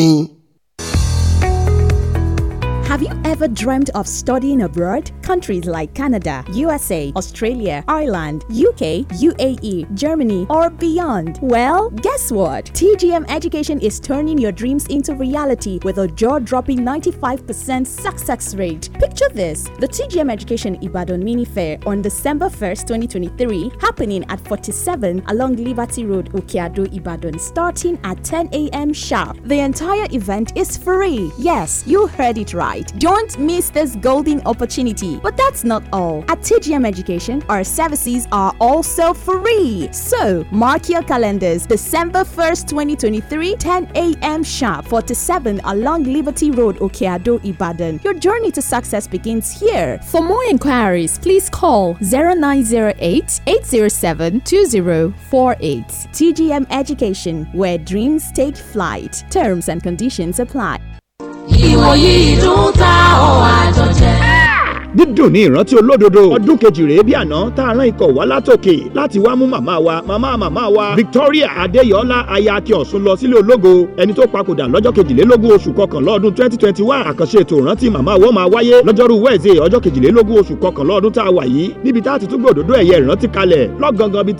Have you ever dreamt of studying abroad? Countries like Canada, USA, Australia, Ireland, UK, UAE, Germany, or beyond? Well, guess what? TGM Education is turning your dreams into reality with a jaw dropping 95% success rate. Picture this the TGM Education Ibadan Mini Fair on December 1st, 2023, happening at 47 along Liberty Road, Okeado, Ibadan, starting at 10 a.m. sharp. The entire event is free. Yes, you heard it right. Don't miss this golden opportunity. But that's not all. At TGM Education, our services are also free. So mark your calendars December 1st, 2023, 10 a.m. sharp, 47 along Liberty Road, Okeado, Ibadan. Your journey to success begins here. For more inquiries, please call 0908 807 2048. TGM Education, where dreams take flight. Terms and conditions apply. ìwòyí ìdún ta ọ̀ dídùn ní ìrántí olódodo ọdún kejì rèé bí àná tá a rán ikọ̀ wá látòkè láti wá mú màmá wa màmá màmá wa Victoria Adeyola aya Akin Ọ̀sùn lọ sílé ológo ẹni tó papòdà lọ́jọ́ kejìlélógún oṣù kọkànlá ọdún twenty twenty one àkànṣe ètò ìrántí màmá wọn máa wáyé lọ́jọ́rú Wednesday ọjọ́ kejìlélógún oṣù kọkànlá ọdún tá a wà yìí níbi tá a ti tún gbòdòdó ẹ̀yẹ ìrántí kalẹ̀ lọ́gangan bíi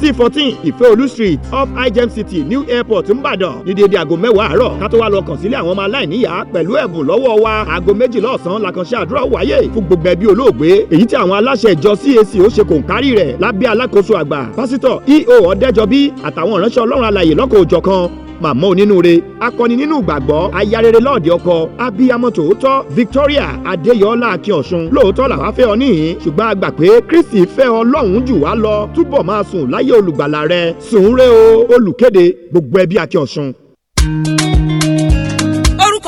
c fourteen Ìfẹ́olú street off igem city new airport ńbàdàn ní déédéé aago mẹ́wàá àárọ̀ ká tó wá lọ kàn sílé àwọn wa aago méjìlá ọ̀sán la àkànṣe àdúrà wáyé fún gbogbo ẹbí olóògbé èyí tí àwọn aláṣẹ ìjọ CAC ó ṣe kòǹkárí rẹ̀ lábẹ́ alákòóso àgbà pásítọ̀ EO ọ̀dẹ́jọbí àtàwọn ìránṣẹ́ ọlọ́run alàyè lọ́kọ̀ òjọ̀kan màmá onínúure akọni nínú ìgbàgbọ́ ayarere lọ́ọ̀dẹ ọkọ abiyamọ tòótọ́ Victoria Adéyọlá akínọ̀sùn lóòótọ́ làwa fẹ́ ọ níhìn ṣùgbọ́n a gbà pé Kristi fẹ́ ọ lọ́hùn jù wá lọ túbọ̀ máa sùn láyé olùgbàlà rẹ sùn rẹ o olùkéde gbogbo ẹbí akínọ̀sùn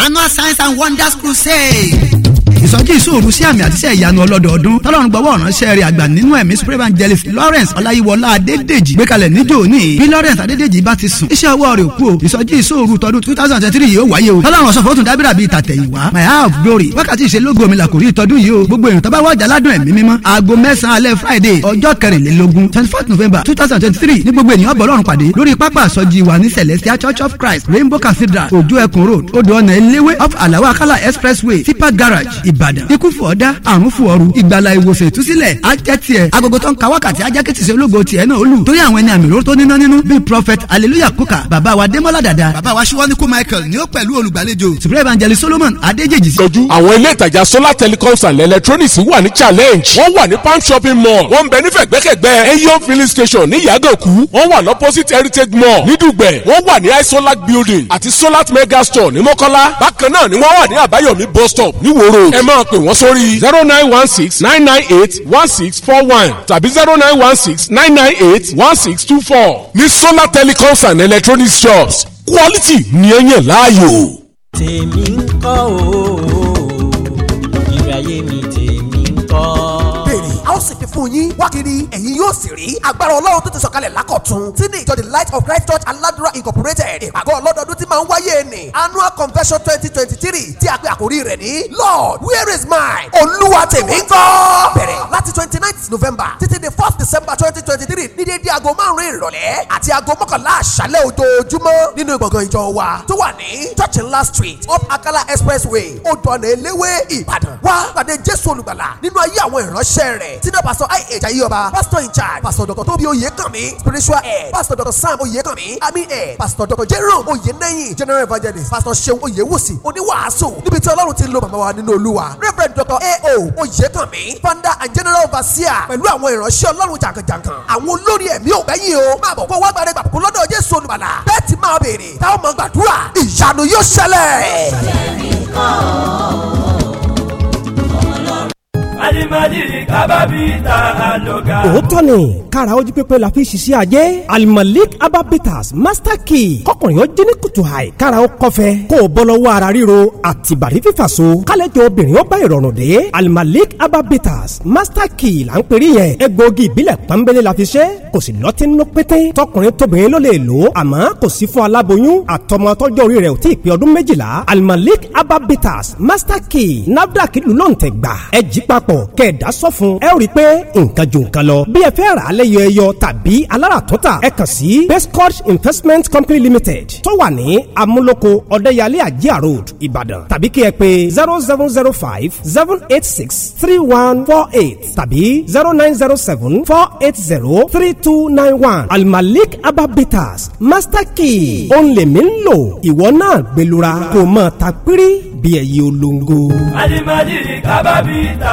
Annual Science and Wonders Crusade. ìsọjí ìṣòro sí àmì àtiṣe ìyanu ọlọ́dọọdún tọ́lọ́run gbọ́wọ́ ránṣẹ́ rẹ̀ àgbà nínú ẹ̀mí super evangelist Lawrence ọláyíwọlá adédèjì gbékalẹ̀ níjó ní bí Lawrence adédèjì bá ti sùn iṣẹ́ ọwọ́ rẹ̀ kú o ìsọjí ìṣòro tọdún two thousand and three yìí ó wáyé o tọ́lọ́run ọ̀sán fọ́tún dábìrà bíi tàtẹ̀yìnwá my house glory wákàtí ìṣelógo mi làkòrí ìtọ́dún yìí o gbogbo èèyàn tó bá wájà ládùn ẹ̀mí mímọ́ aago mẹ́sàn-án alẹ́ Friday ọjọ́ kẹrìnlélógún twenty November two thousand and twenty three ní gbogbo ènìyàn bọ̀lọ́run pàdé Celestial Church of Christ Rainbow Cathedral Ojú Road Odò Ọ̀nà Eléwé Alawa Akala Expressway Tipa Garage ìbàdàn ikú fún ọ̀dá àrùn fún ọrù ìgbàlà ìwòsàn ìtúsílẹ̀ ajẹ́ tiẹ̀ agogo tó ń ka wákàtí ajá kìtì sí ológo tiẹ̀ náà olù torí àwọn ẹni àmì lóró tó níná nínú bíi prophet hallelujah kuka bàbá wa démọ́lá dàda. bàbá wa ṣíwọ́nìkú michael ni ó pẹ̀lú olùgbàlejò. supreme evangelist solomon adéjèjì. yọjú àwọn ilé ìtajà solar telecoms and electronics wà ní challenge wọ́n wà ní palm shopping mall wọ́n ń bẹ nífẹ̀ẹ́ gbẹ́kẹ̀gbẹ́ eyon filling station ní yàgànkú wọ́n wà ní opposite heritage mall ní dùgbẹ̀ wọ́n wà ní isolac building àti solar mega store ní mọ́kọ́lá bákan náà ni wọ́n wà ní àbáyọ̀mí bus stop ní wòrò ẹ máa pè wọ́n sórí zero nine one six nine nine eight one six four one tàbí zero nine one six nine nine eight one six two four ní solar telecoms and electronics shops quality ni ẹ láàyò. tèmi ń kọ́ o ìrayé mi ìbùkún yín wá kiri ẹ̀yin yóò sì rí agbára ọlọ́run tó ti sọ̀kalẹ̀ lákọ̀tún tí ní ìjọ the light of christ church aládùúrà incorporated ìpàgọ́ ọlọ́dọọdún tí máa ń wáyé ni annual convention twenty twenty three tí a pè àkórí rẹ̀ ní lord where is mine olúwa tèmi ń kọ́ bẹ̀rẹ̀ láti twenty ninth november títí the first december twenty twenty three ní déédéé aago márùn-ún ìrọ̀lẹ́ àti aago mọ́kànlá àṣálẹ́ ojoojúmọ́ nínú gbọ̀ngàn ìjọ wa tó wà ní church in ńlá street up akala expressway odò ọ̀nà eléwé ìbàdàn wá pàdé jésù olùgbàlà nínú ayé àwọn ìránṣẹ́ rẹ̀ tí náà Y.H. Ayéọba pastor in charge pastor Dr. Tóbi Oyèkànmí spiritual head pastor Dr. Sam Oyèkànmí admin head pastor Dr. Jerome Oyènẹ́yìn general evangelist pastor Ṣeun Oyewusi, oníwàásù níbi tí Ọlọ́run ti ń lo màmá wa nínú Olúwa reverend Dr. A.O. Oyèkànmí founder and general overseer pẹ̀lú àwọn ìránṣẹ́ Ọlọ́run jàǹkànjàǹkàn àwọn olórí ẹ̀mí ò gbẹ́yìn o máa bọ̀ kó wá gbàdé gbàgbọ́ lọ́dọ̀ Jésù olùbàlà bẹ́ẹ̀ ti máa béèrè táwọn mọ̀ gbàdúrà ìyanu yóò ṣẹlẹ̀. ṣẹlẹ̀ nìkan. Alimadi kababita aloga. òótọ́ ni kára ojú pépé la fi ṣiṣẹ́ ajé alimalik ababitas master key kọkùnrin ó jẹ́ ní kùtù àì kára ó kọfẹ́ kó o bọ́ lọ́wọ́ ara ríro àtibàrí fífà so kálẹ̀jọ obìnrin ó bá ìrọ̀rùn dé alimalik ababitas master key là ń pèrè yẹn egbòogi ìbílẹ̀ pọ́nbélé la fi ṣe kò sì lọ́tí nínú pété tọkùnrin tóbìnrin ló lè lò àmọ́ kò sí fún aláboyún àtọmọ tọjọ́ orí rẹ̀ ò tí ì pé ọdún méjìlá alimalik ababitas master key nafdac lulọ̀ǹtẹ̀ gbà ẹ jí papọ̀ papọ̀ kẹ̀ẹ́dá sọ fún ẹ rí i pé nǹkan ju nǹkan lọ. bí ẹ fẹ́ rà á lẹ́yọ ẹyọ tàbí aláràtúntà ẹ kàn sí bestcoach investment company limited tó wà ní amúlòkó ọ̀dẹ́yàlẹ́ àjíà road ìbàdàn tàbí kí ẹ pé zero seven zero five seven eight six three one four eight tàbí zero nine zero seven four eight zero three two nine one almalik ababitas master key ònlẹ̀mí ń lò ìwọ náà gbẹlura kò mọ̀ ta pírí bí ẹ̀yìn olóńgó. alimadi kábàbí ta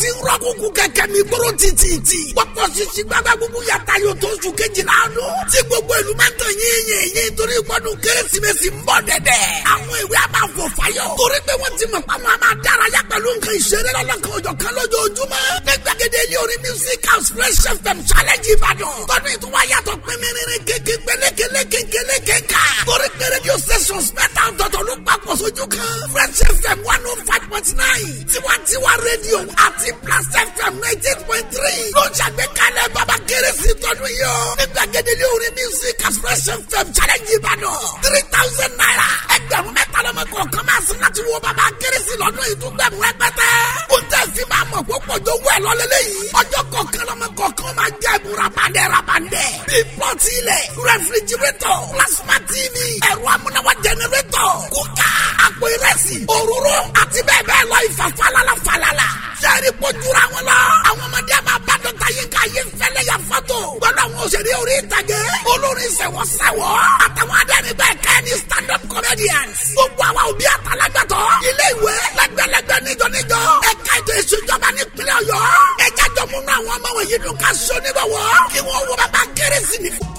ti rọ́kùnkùn kẹ̀kẹ́ mi gbóró títìtì. pọpọ sisi gbàgbà gbogbo yàtà yóò tó oṣù kejìlá nù. tí gbogbo ìlú máa ń tàn yín yín yín torí ìpọ́dún kérésìmesì ń bọ̀ dẹ̀dẹ̀. àwọn ìwé a máa fò fayọ̀. torí pé wọ́n ti mọ̀ pé àwọn a máa dárayá pẹ̀lú nǹkan ìṣeré lọ́lọ́kan ọjọ́ kan lójoojúmọ́. ní gbàgede ilé orí music house fresh fm challenge ìbàdàn. tọ́dún ìtura yàtọ̀ pínpínrin kéke pélékeléke kélékeka. torí pé radio stations mẹ́ta ọ̀tọ̀ọ̀tọ̀ ló papọ̀ sójú kan. fresh fm one oh five point nine tiwantiwa radio àti ti blast fm nineteen point three ló ń ṣàgbékalẹ̀ baba kérésì tọdún yìí o ní gbàgede ilé orin music expression fm challenge ìbàdàn three thousand naira ẹgbẹ̀rún mẹ́ta lọ́mọ kọ̀ọ̀kan máa sin láti wo baba kérésì lọ́dún ìdúgbẹ̀mú ẹgbẹ́tẹ́ ó ń tẹ̀sí máa mọ̀ púpọ̀ tó wẹ̀ lọ́lẹ́lẹ́ yìí ọjọ́ kọ̀ọ̀kan lọ́mọ kọ̀ọ̀kan máa jẹ́ ẹ̀bùn rabandẹ̀ rabandẹ̀ bíi pọ́ọ̀tì ilẹ̀ rẹfrigirétọ̀ plasma tv ẹ̀rọ amúnáwá jẹnẹrétọ̀ kúkà àpò ìrẹsì òróró àti bẹ́ẹ̀ bẹ́ẹ̀ lọ falala falala. sẹ́ẹ̀rì pọ̀ jura wọn lọ. àwọn ọmọdé a máa dọ́ta yé ká yé fẹ́lẹ́ yà fọ́tò. gbọ́dọ̀ àwọn òṣèré orí ìtàgé. olórin sẹ̀wọ̀sẹ̀wọ̀. àtàwọn adẹ́rìn bẹ́ẹ̀ kẹ́ ni stand up comedians. gbogbo àwa òbí àtàlágbàtọ́. ilé ìwé lẹ́gbẹ̀lẹ́gbẹ̀ níjọ níjọ. ẹ̀ka ètò ìṣèjọba nípínlẹ̀ ọ̀yọ́. ẹ̀jẹ̀ jọ múnú àwọn ọmọ wọ̀nyí dùn ká so níbọ̀wọ̀. kí wọ́n wọ bàbá kérésì nìkan.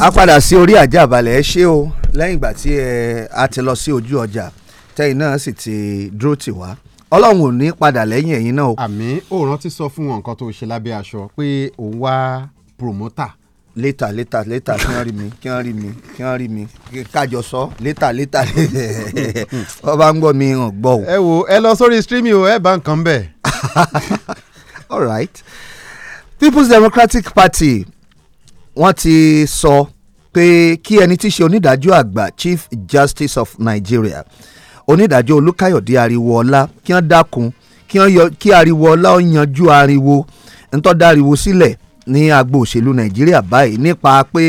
a padà sí orí àjàbalẹ̀ ẹ ṣé o lẹ́yìn ìgbà tí a ti lọ sí ojú ọjà tẹ́yìn náà sì ti dúró tì wá ọlọ́run ò ní padà lẹ́yìn ẹ̀yin náà o. àmì òòràn ti sọ fún wọn nǹkan tó ṣe lábẹ́ aṣọ pé òun wá promoter. létà létà létà kí wọ́n rí mi kí wọ́n rí mi kí wọ́n rí mi kájọ sọ létà létà wọ́n bá ń gbọ́ mi hàn gbọ́ o. ẹ wo ẹ lọ sórí streaming o ẹ bá nǹkan bẹ̀. all right People's Democratic Party wọ́n ti sọ pé kí ẹni tí í ṣe onídàájọ́ àgbà Chief Justice of Nigeria onídàájọ́ Olúkáyọ̀dé Ariwoọlá kí wọ́n dákun kí Ariwoọlá ó yanjú ariwo ntọ́dáriwo sílẹ̀ ní agbo òṣèlú Nàìjíríà báyìí nípa pé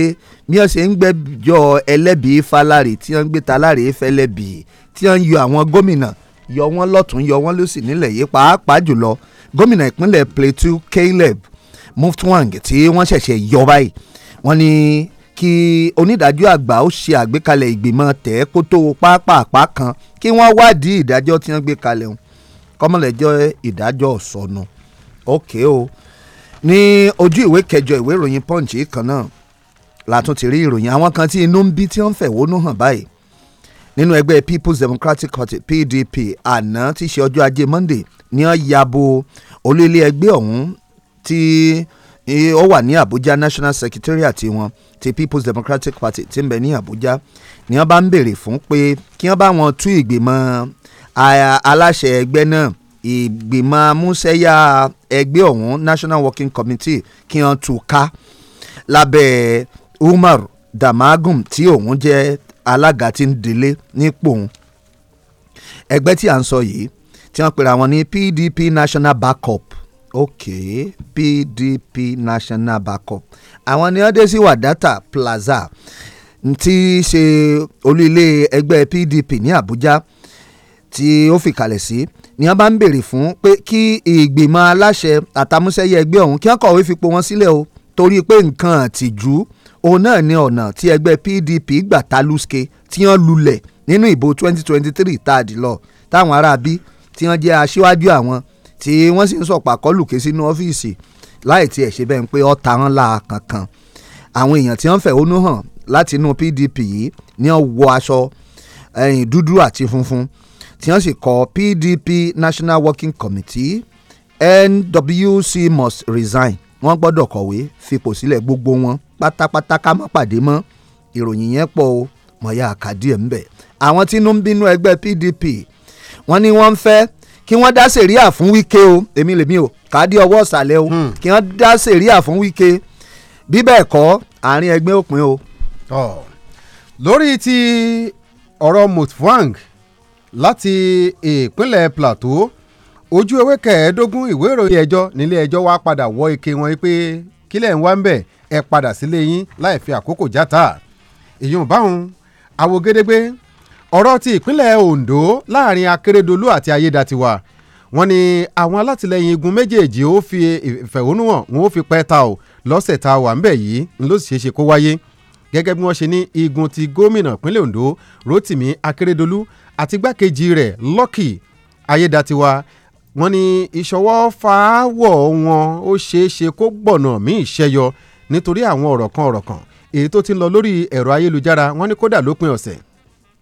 bí wọ́n ṣe ń gbẹ́jọ́ ẹlẹ́bìí falárè tí wọ́n ń gbé talárè fẹ́lẹ́bì tí wọ́n ń yọ àwọn gómìnà yọ wọ́n lọ́tún yọ wọ́n lọ́sì nílẹ̀ yìí pàápàá jùlọ gómìnà ìpínlẹ̀ Plateau Caleb Mutwang tí wọ́n ṣẹ̀ṣẹ̀ yọ báyìí wọ́n ní kí onídàájọ́ àgbà ó ṣe àgbékalẹ̀ ìgbìmọ̀ tẹ̀ kó tó pápápá kan kí wọ́n wádìí ìdájọ́ tí wọ́n gbé kalẹ̀ ọ̀hún kọ́mọ̀lẹ́jọ́ ìdájọ́ ọ̀sọ̀nù òkè o ní ojú ìwé kẹjọ ìwé ìròyìn punch kan náà látún ti rí ìròyìn àwọn kan tí inú ń bí tí wọ́n ń fẹ̀hónú hàn báyìí nínú ẹgbẹ́ People's Democratic Party PDP àná tí í ṣe ọjọ́ ajé Monday ni wọ́n ya bo olú ilé ẹgbẹ́ ọ̀hún tí. Ti ó wà ní Abuja National Secretariat wọn ti People's Democratic Party ti ń bẹ ní Abuja ni wọ́n bá ń béèrè fún pé kí wọ́n bá wọn tú ìgbìmọ̀ aláṣẹ ẹgbẹ́ náà ìgbìmọ̀ amúṣẹ́yà ẹgbẹ́ ọ̀hún National Working Committee kí wọ́n tú ká lábẹ́ Umar Damagum tí òun jẹ́ alága tí ń délé nípò òun ẹgbẹ́ tí à ń sọ yìí tí wọ́n pera wọn ní PDP National Backup okay PDP National Backup àwọn ni wọ́n dé sí Wadata Plaza tí í ṣe olú ilé ẹgbẹ́ PDP ní abuja. tí ó fìkàlẹ̀ sí ni wọ́n bá ń béèrè fún pé kí ìgbìmọ̀ aláṣẹ àtàmúṣẹ́yẹ ẹgbẹ́ ọ̀hún kí wọ́n kọ̀wé fipò wọn sílẹ̀ o torí pé nǹkan àtìjú òun náà ni ọ̀nà tí ẹgbẹ́ PDP gbà ta lùsùkè tí wọ́n lulẹ̀ nínú ìbò 2023 tá a dì lọ táwọn ará bí tí wọ́n jẹ́ aṣíwájú àwọn tí wọ́n sì ń sọ̀pà kọlù ké sínú ọ́fíìsì láì tiẹ̀ ṣe bẹ́ẹ̀ ń pé ọ̀tá wọn la kankan àwọn èèyàn tí wọ́n fẹ̀hónú hàn láti inú PDP yìí ni wọ́n wọ aṣọ ẹ̀yìn dúdú àti funfun tí wọ́n sì kọ PDP National Working Committee NWC must resign wọ́n gbọ́dọ̀ kọ̀wé fipò sílẹ̀ gbogbo wọn pátápátá ká má pàdé mọ́ ìròyìn yẹn pọ̀ o mọ̀ọ́yà àkàdé ẹ̀ ń bẹ̀ àwọn tí inú ń bínú ẹgbẹ́ PDP wọ́n ní wọ́n ń fẹ́ kí wọ́n dá sẹ̀ríà fún wíkẹ́ o èmi lèmi o káàdì ọwọ́ ọ̀sàlẹ̀ o hmm. kí wọ́n dá sẹ̀ríà fún wíkẹ́ bí bẹ́ẹ̀ kọ́ àárín ẹgbẹ́ òpin o. lórí ti ọ̀rọ̀ mutfwang láti ìpínlẹ̀ plateau ojú ewé kẹẹ̀ẹ́dógún ìwé ìròyìn ẹjọ́ nílé ẹjọ́ wá padà wọ ike wọn pé kílẹ̀ ń wá ń bẹ̀ ẹ padà sílé yín láì fi àkókò játa èyí ò báwọn àwògedegbe ọ̀rọ̀ ti ìpínlẹ̀ Ondo láàrin Akérédolú àti Ayédàtiwà wọ́n ní àwọn alátìlẹyìn igun méjèèjì ó fi ìfẹ̀hónúhàn wọn ó fi pẹ́ ta ò lọ́sẹ̀ tá a wà ńbẹ̀ yìí ń ló sì ṣeé ṣe kó wáyé gẹ́gẹ́ bí wọ́n ṣe ní igun ti gómìnà ìpínlẹ̀ Ondo Rotimi Akérédolú àti igbákejì rẹ̀ Lucky Ayédàtiwà wọ́n ní ìṣọwọ́ fàáwọ̀ wọn ó ṣeé ṣe kó gbọ̀nà míì ṣẹyọ nítorí àwọn ọ̀rọ̀ kan ọ̀rọ̀ kan èyí tó ti ń lọ lórí ẹ̀rọ ayélujára wọ́n ní kódà lópin ọ̀sẹ̀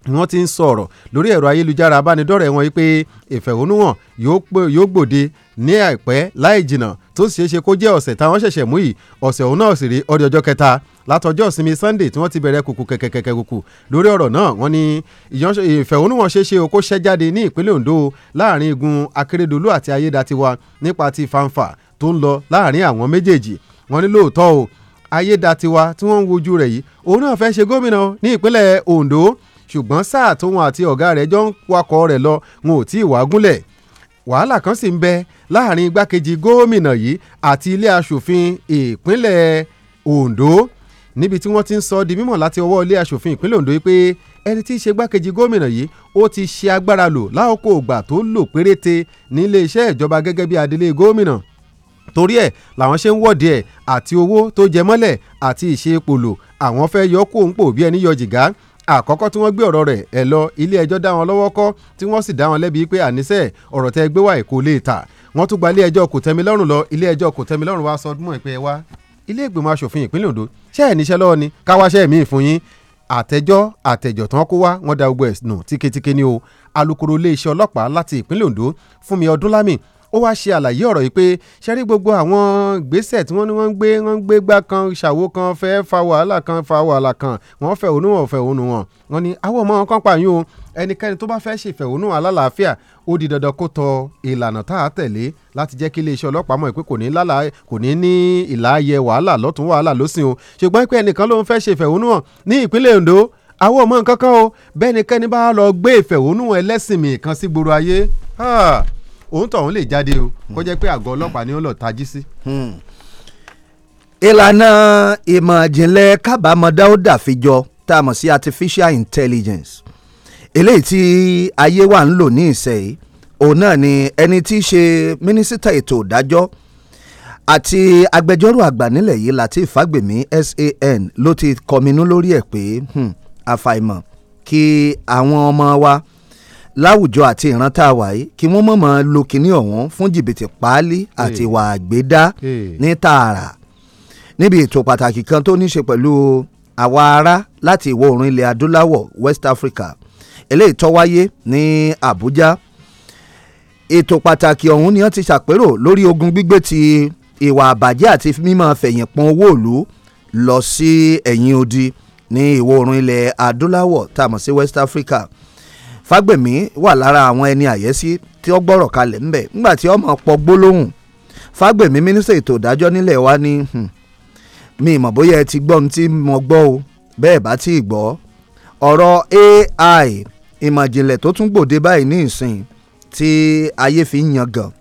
wọ́n ti ń sọ̀rọ̀ lórí ẹ̀rọ ayélujára abánidọ́rẹ̀ẹ́ wọn yìí pé ìfẹ̀hónúhàn yóò gbòde ní àìpẹ́ láì jìnnà tó sì ṣeé ṣe kó jẹ́ ọ̀sẹ̀ táwọn ṣẹ̀ṣẹ̀ mú yìí ọ̀sẹ̀ òun náà sì rí ọdẹ ọjọ́ kẹta látọjọ́ ìsinmi Sunday tí wọ́n ti bẹ̀rẹ̀ kùkù kẹ̀kẹ̀kẹ̀ kùkù lórí ọ̀rọ̀ náà wọ́n ní ìfẹ̀hónúhàn ṣeé ṣe kó ṣẹ́ jáde ní ìpínlẹ̀ Ondo láàrin igun Akérédolú àti Ayédatiwa nípa ti fanfa tó ń lọ láàrin àwọn méjèèjì wọ́n ní lóòótọ́ o Ayédatiwa tí wọ́n ń wojú rẹ̀ yìí òun náà fẹ́ ṣe gómìnà ní ìpínlẹ̀ Ondo ṣùgbọ́n sáà tóun àti ọ̀gá rẹ̀ jọ ń wakọ̀ rẹ̀ lọ wọn ò tí ì wá gúnlẹ̀ wàhálà kan sì ń bẹ láàrin igbákejì gómìnà yìí àti ilé asòfin ìpínlẹ̀ Ondo níbi tí wọ́n ti ń sọ di mímọ̀ láti ọwọ́ ilé asòfin ìpínlẹ̀ Ondo yìí pé ẹni tí í ṣe igbákejì gómìnà yìí ó ti ṣe agbára lò láòkó ògbà tó lò péréte ní iléeṣẹ́ ìjọba gẹ́gẹ́ bí adelé gómìnà torí ẹ̀ làwọn ṣe ń wọ́de ẹ̀ àti owó tó jẹ mọ́lẹ̀ àti ìṣe ipò lò àwọn fẹ́ yọ kó ń pò bí ẹni yọ jìgá àkọ́kọ́ tí wọ́n gbé ọ̀rọ̀ rẹ̀ ẹ̀ lọ ilé ẹjọ́ dá wọn lọ́wọ́ kọ́ tí wọ́n sì dá wọn lẹ́bi pé àníṣe ọ̀rọ̀ tẹ́ gbé wá kò lè tà wọ́n tún gba ilé ẹjọ́ kòtẹ́milọ́rùn lọ ilé ẹjọ́ kòtẹ́milọ́rùn wá sọ ọdún ìpè wá ilé ìgbìmọ̀ asòfin ìpínlẹ̀ Ondo ṣe ẹ̀ níṣẹ́ lọ́wọ́ ni káwáṣẹ́ mi fún yín àtẹjọ́ àtẹjọ́ tán kó wá wọ́n da gbogbo ẹ̀sùn tíketíke ni o alukoro iléeṣẹ́ ọlọ́pàá láti ìpínlẹ̀ Ondo Fúnmi Ọdúnlámì ó wáá ṣe àlàyé ọ̀rọ̀ yìí pé ṣẹ́rí gbogbo àwọn ìgbésẹ̀ tí wọ́n ní wọ́n ń gbé wọ́n ń gbé gbá kan ṣàwo kan fẹ́ fa wàhálà kan fa wàhálà kan wọ́n fẹ̀hónú wọn fẹ̀hónú wọn wọn ni àwọn ọmọ kan pààyàn o ẹnikẹ́ni tó bá fẹ́ ṣèfẹ̀hónú alálàáfíà ó di dandan kó tọ ìlànà tá a tẹ̀lé láti jẹ́ kí iléeṣẹ́ ọlọ́pàá mọ̀ pé kò ní lálà kò ní ní ìlàyẹ wàhálà lọ́tún wàhálà lọ́sìn o ṣùgbọ́n pé ẹnìkan ló ń fẹ́ ṣèfẹ̀hónú hàn ní ìpínlẹ̀ Ondo àwọn ọmọ nǹkan kan o bẹ́ẹ̀nikẹ́ni bá lọ gbé ìfẹ̀hónú ẹlẹ́sìn mì kan sí gbòòrò ayé òun tọ̀hún lè jáde o kó hmm. jẹ́ pé àgọ́ ọlọ́pàá ni ó lọ tají sí. Hmm. ìlànà ìmọ̀ ìjìnlẹ̀ kábàámọ̀dá ó dàfijọ tá a mọ̀ sí artificial intelligence eléyìí tí ayé wa ń lò ní ìsẹ̀yìí òun náà ni ẹni tí í ṣe mínísítà ètò ìdájọ́ àti agbẹjọ́rò àgbà nílẹ̀ yìí Lateef Fagbemi SAN ló ti kọminú lórí ẹ̀ pé hmm, àfàìmọ̀ kí àwọn ọmọ wa. Hmm, láwùjọ àti ìran tá a wà yìí kí wọ́n mọ̀mọ́ lo kinní ọ̀hún fún jìbìtì páálí àti ìwà àgbédá ní tààrà níbi ètò pàtàkì kan tó ní ṣe pẹ̀lú àwa ará láti ìwọ̀ oòrùn ilẹ̀ adúláwọ̀ West Africa eléyìí tó wáyé ní Àbújá ètò pàtàkì ọ̀hún ni wọ́n ti ṣàpérò lórí ogun gbígbé ti ìwà àbàjẹ́ àti mímọ́ fẹ̀yìn pọn owó ìlú lọ sí ẹ̀yìn odi ní ìwọ̀ oòrùn ilẹ̀ adúláwọ̀ tá a mọ̀ sí West Africa Fágbèmí wà lára àwọn ẹni àyẹ́sí tí ó gbọ́rọ̀ kalẹ̀ ńbẹ̀ nígbà tí ọmọ pọ̀ gbólóhùn Fágbèmí mínísítà ètò ìdájọ́ nílẹ̀ wa ní hmm, mi ìmọ̀ bóyá ẹ ti gbọ́ ohun tí mo gbọ́ o bẹ́ẹ̀ bá ti gbọ́ ọ̀rọ̀ AI ìmọ̀jìnlẹ̀ tó tún gbòde báyìí ní ìsìn tí ayé fi ń yangàn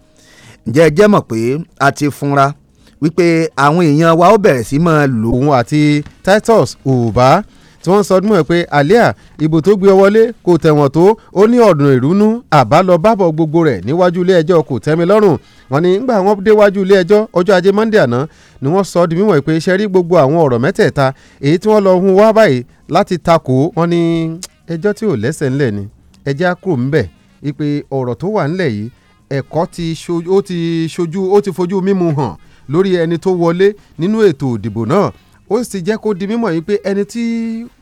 ǹjẹ́ ẹ jẹ́ mọ̀ pé a ti funra wípé àwọn èèyàn wa ó bẹ̀rẹ̀ sí máa lò. òun àti Titus Uba tí wọ́n ń sọdún ẹ̀ pé àlíà ìbò tó gbé wọlé kò tẹ̀wọ̀n tó ó ní ọ̀dùn ìrúnú àbálọbábọ̀ gbogbo rẹ̀ níwájú ilé ẹjọ́ kò tẹ́mi lọ́rùn wọ́n ní ngbà wọ́n déwájú ilé ẹjọ́ ọjọ́ ajé Monday àná ni wọ́n sọ ọ́ di mímọ̀ pé ṣe rí gbogbo àwọn ọ̀rọ̀ mẹ́tẹ̀ẹ̀ta èyí tí wọ́n lọ hun wá báyìí láti takò wọ́n ní ẹjọ́ tí ò lẹ́sẹ̀ ńlẹ̀ ni ẹjẹ́ á kúrò ńbẹ̀ ipe ọ̀rọ̀ tó wà ńlẹ̀ yìí ẹ̀kọ́ ti ṣojú ó ti fojú mímu hàn lórí ẹni tó wọlé nínú ètò ìdìbò náà ó sì jẹ́ kó di mímọ̀ yìí pé ẹni tí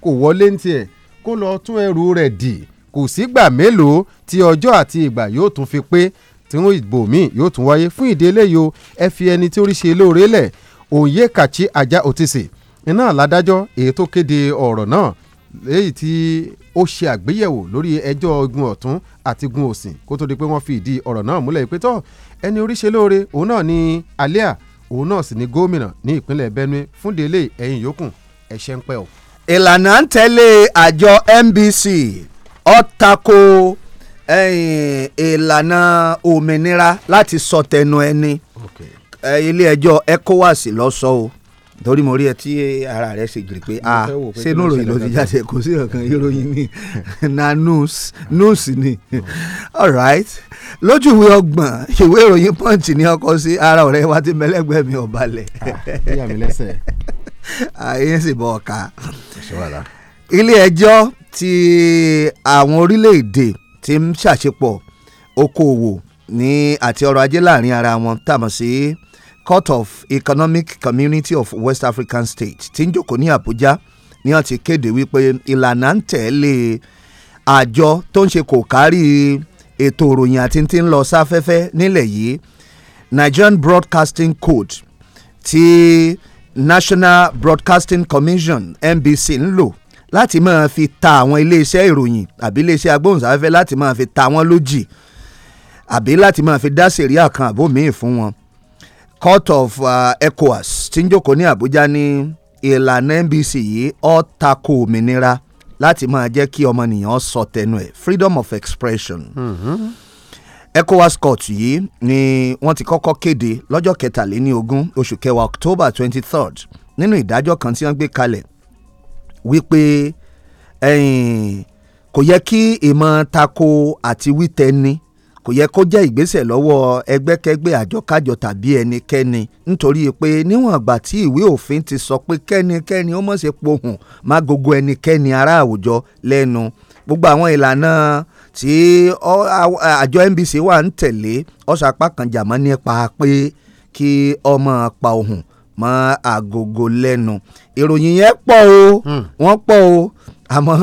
kò wọlé ń tiẹ̀ kó lọ tún ẹrù rẹ̀ dì kò sígbà mélòó tí ọjọ́ àti ìgbà yóò tún fi pé tí wọn ìbò míì yóò tún wáyé fún ìdílé yìí ẹ fi ẹni tí ó rí ṣe lóore lẹ̀ òye kàchi ajá òtísì iná ládájọ́ èyí tó kéde ọ̀rọ̀ náà léyìí tí ó ṣe àgbéyẹ̀wò lórí ẹjọ́ igun ọ̀tún àti igun òsìn kó tó di pé wọ́n fi ìdí ọ̀rọ̀ náà múlẹ̀ pé tọ́ ẹni oríṣẹ́ lóore òun náà ni alia òun náà sì ni gómìnà ní ìpínlẹ̀ Benue fún délé ẹ̀yìn yòókù ẹ̀ṣẹ̀ ń pẹ́ o. ìlànà ń tẹ̀lé àjọ NBC ó tako ìlànà òmìnira láti sọ tẹnu ẹni ilé ẹjọ́ ECOWAS ló sọ torí mo rí ẹ tí ara rẹ ṣe gírí pé ah ṣé níròyìn ló ti jáde kò sí ọ̀kan ìròyìn ni na news ah. news ni alright lójú ìwé ọgbọ̀n ìwé ìròyìn punch ni ọkọ sí ara ọ̀rẹ́ wa ti mẹlẹ́gbẹ́ mi ò balẹ̀. Ah, yíyá mi lẹ́sẹ̀. ayé ah, sì bọ̀ ọ̀ka. ilé ẹjọ́ ti àwọn orílẹ̀-èdè ti ń ṣàṣepọ̀ okòòwò ní àti ọrọ̀ ajé láàrin ara wọn tàmọ̀ sí. Si, Court of Economic Community of West African States tí ń jòkó ní Àbújá ni wọ́n ti kéde wípé ìlànà ń tẹ̀lé àjọ tó ń ṣe kò kárí ètò ìròyìn àti tí ń lọ sáfẹ́fẹ́ nílẹ̀ yìí Nigerian Broadcasting Code ti National Broadcasting Commission NBC ń lò láti máa fi ta àwọn iléeṣẹ́ ìròyìn àbí iléeṣẹ́ agbóhùnsáfẹ́fẹ́ láti máa fi ta wọ́n lójì àbí láti máa fi dá sẹ̀ríà kan àbò míì fún wọn court of uh, ecowas tí ń jókòó ní Àbújá ní ìlànà NBC yìí ó tako òmìnira láti máa jẹ́ kí ọmọnìyàn sọ tẹnu ẹ̀ freedom of expression. Mm-hmm. ECOWAS court yìí ni wọ́n ti kọ́kọ́ kéde lọ́jọ́ kẹtàléníogún oṣù kẹwàá October twenty third nínú ìdájọ́ kan tí wọ́n gbé kalẹ̀ wípé kò yẹ kí ìmọ̀ tako àti wítẹni kò yẹ kó jẹ́ ìgbésẹ̀ lọ́wọ́ ẹgbẹ́kẹ́gbẹ́ àjọkájọ tàbí ẹnikẹ́ni nítorí pé níwọ̀n àgbà tí ìwé òfin ti sọ pé kẹ́nikẹ́ni ó mọ̀ ṣe pohùn má gogo ẹnikẹ́ni ará àwùjọ lẹ́nu gbogbo àwọn ìlànà tí àjọ NBC wà ń tẹ̀lé ọ̀sà apá kan jàmọ́ nípa pé kí ọmọ pa ohùn mọ́ àgògò lẹ́nu ìròyìn yẹn pọ̀ o hmm. wọ́n pọ̀ o àmọ́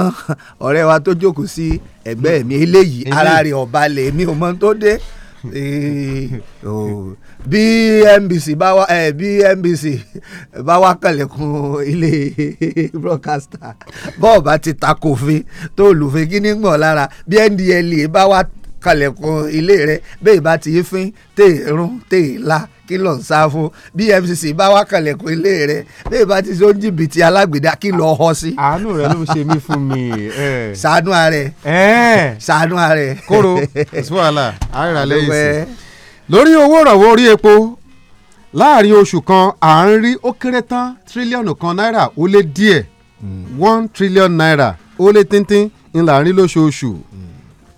ọ̀rẹ́ wa tó jókòó sí ẹgbẹ́ mi eléyìí ara rẹ̀ ọ̀ba lè mi ò mọ tó dé bí NBC bá wá bí NBC bá wá kànlẹ̀kùn ilé broadcaster bọ́ọ̀bá ti ta kòfin tó lùfin kí ní gbọ̀n lára bí NDLEA bá wá kànlẹ̀kùn ilé rẹ̀ bẹ́ẹ̀ bá ti fín tèè rún kí ló ń sá fún bí EFCC bá wá kànlẹ̀kùn ilé rẹ bẹ́ẹ̀ bá ti ṣe ó ń jìbìtì alágbèdá kí ló họ sí. àánú rẹ ló ń ṣe mí fún mi. ṣàánú ààrẹ ṣàánú ààrẹ. kóró ṣùgbọ́n wàhálà àárẹ̀ alẹ́ yìí sí. lórí owó ìrànwọ́ orí epo láàrin oṣù kan à ń rí ó kéré tán tírílíọ̀nù kan náírà ó lé díẹ̀ hmm. one trillion naira ó lé tíntín ńlá ń rí lóṣooṣù hmm.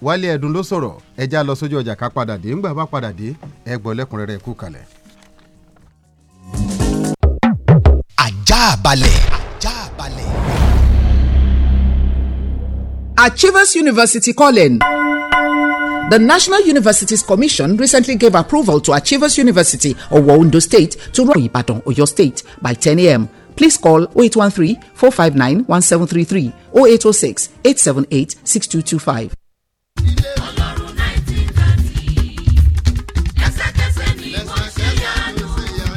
wálé ẹ̀dùn ló sọ̀rọ̀ ẹja lọ sójú ọjà ká padà dé ńgbà bá padà dé ẹ gbọ́ lẹ́kùnrẹ́rẹ́ kú kalẹ̀. Achievers University calling. The National Universities Commission recently gave approval to Achievers University, of Ondo State, to run Ibadan, Oyo State by 10 a.m. Please call 0813 459 1733 0806 878 6225.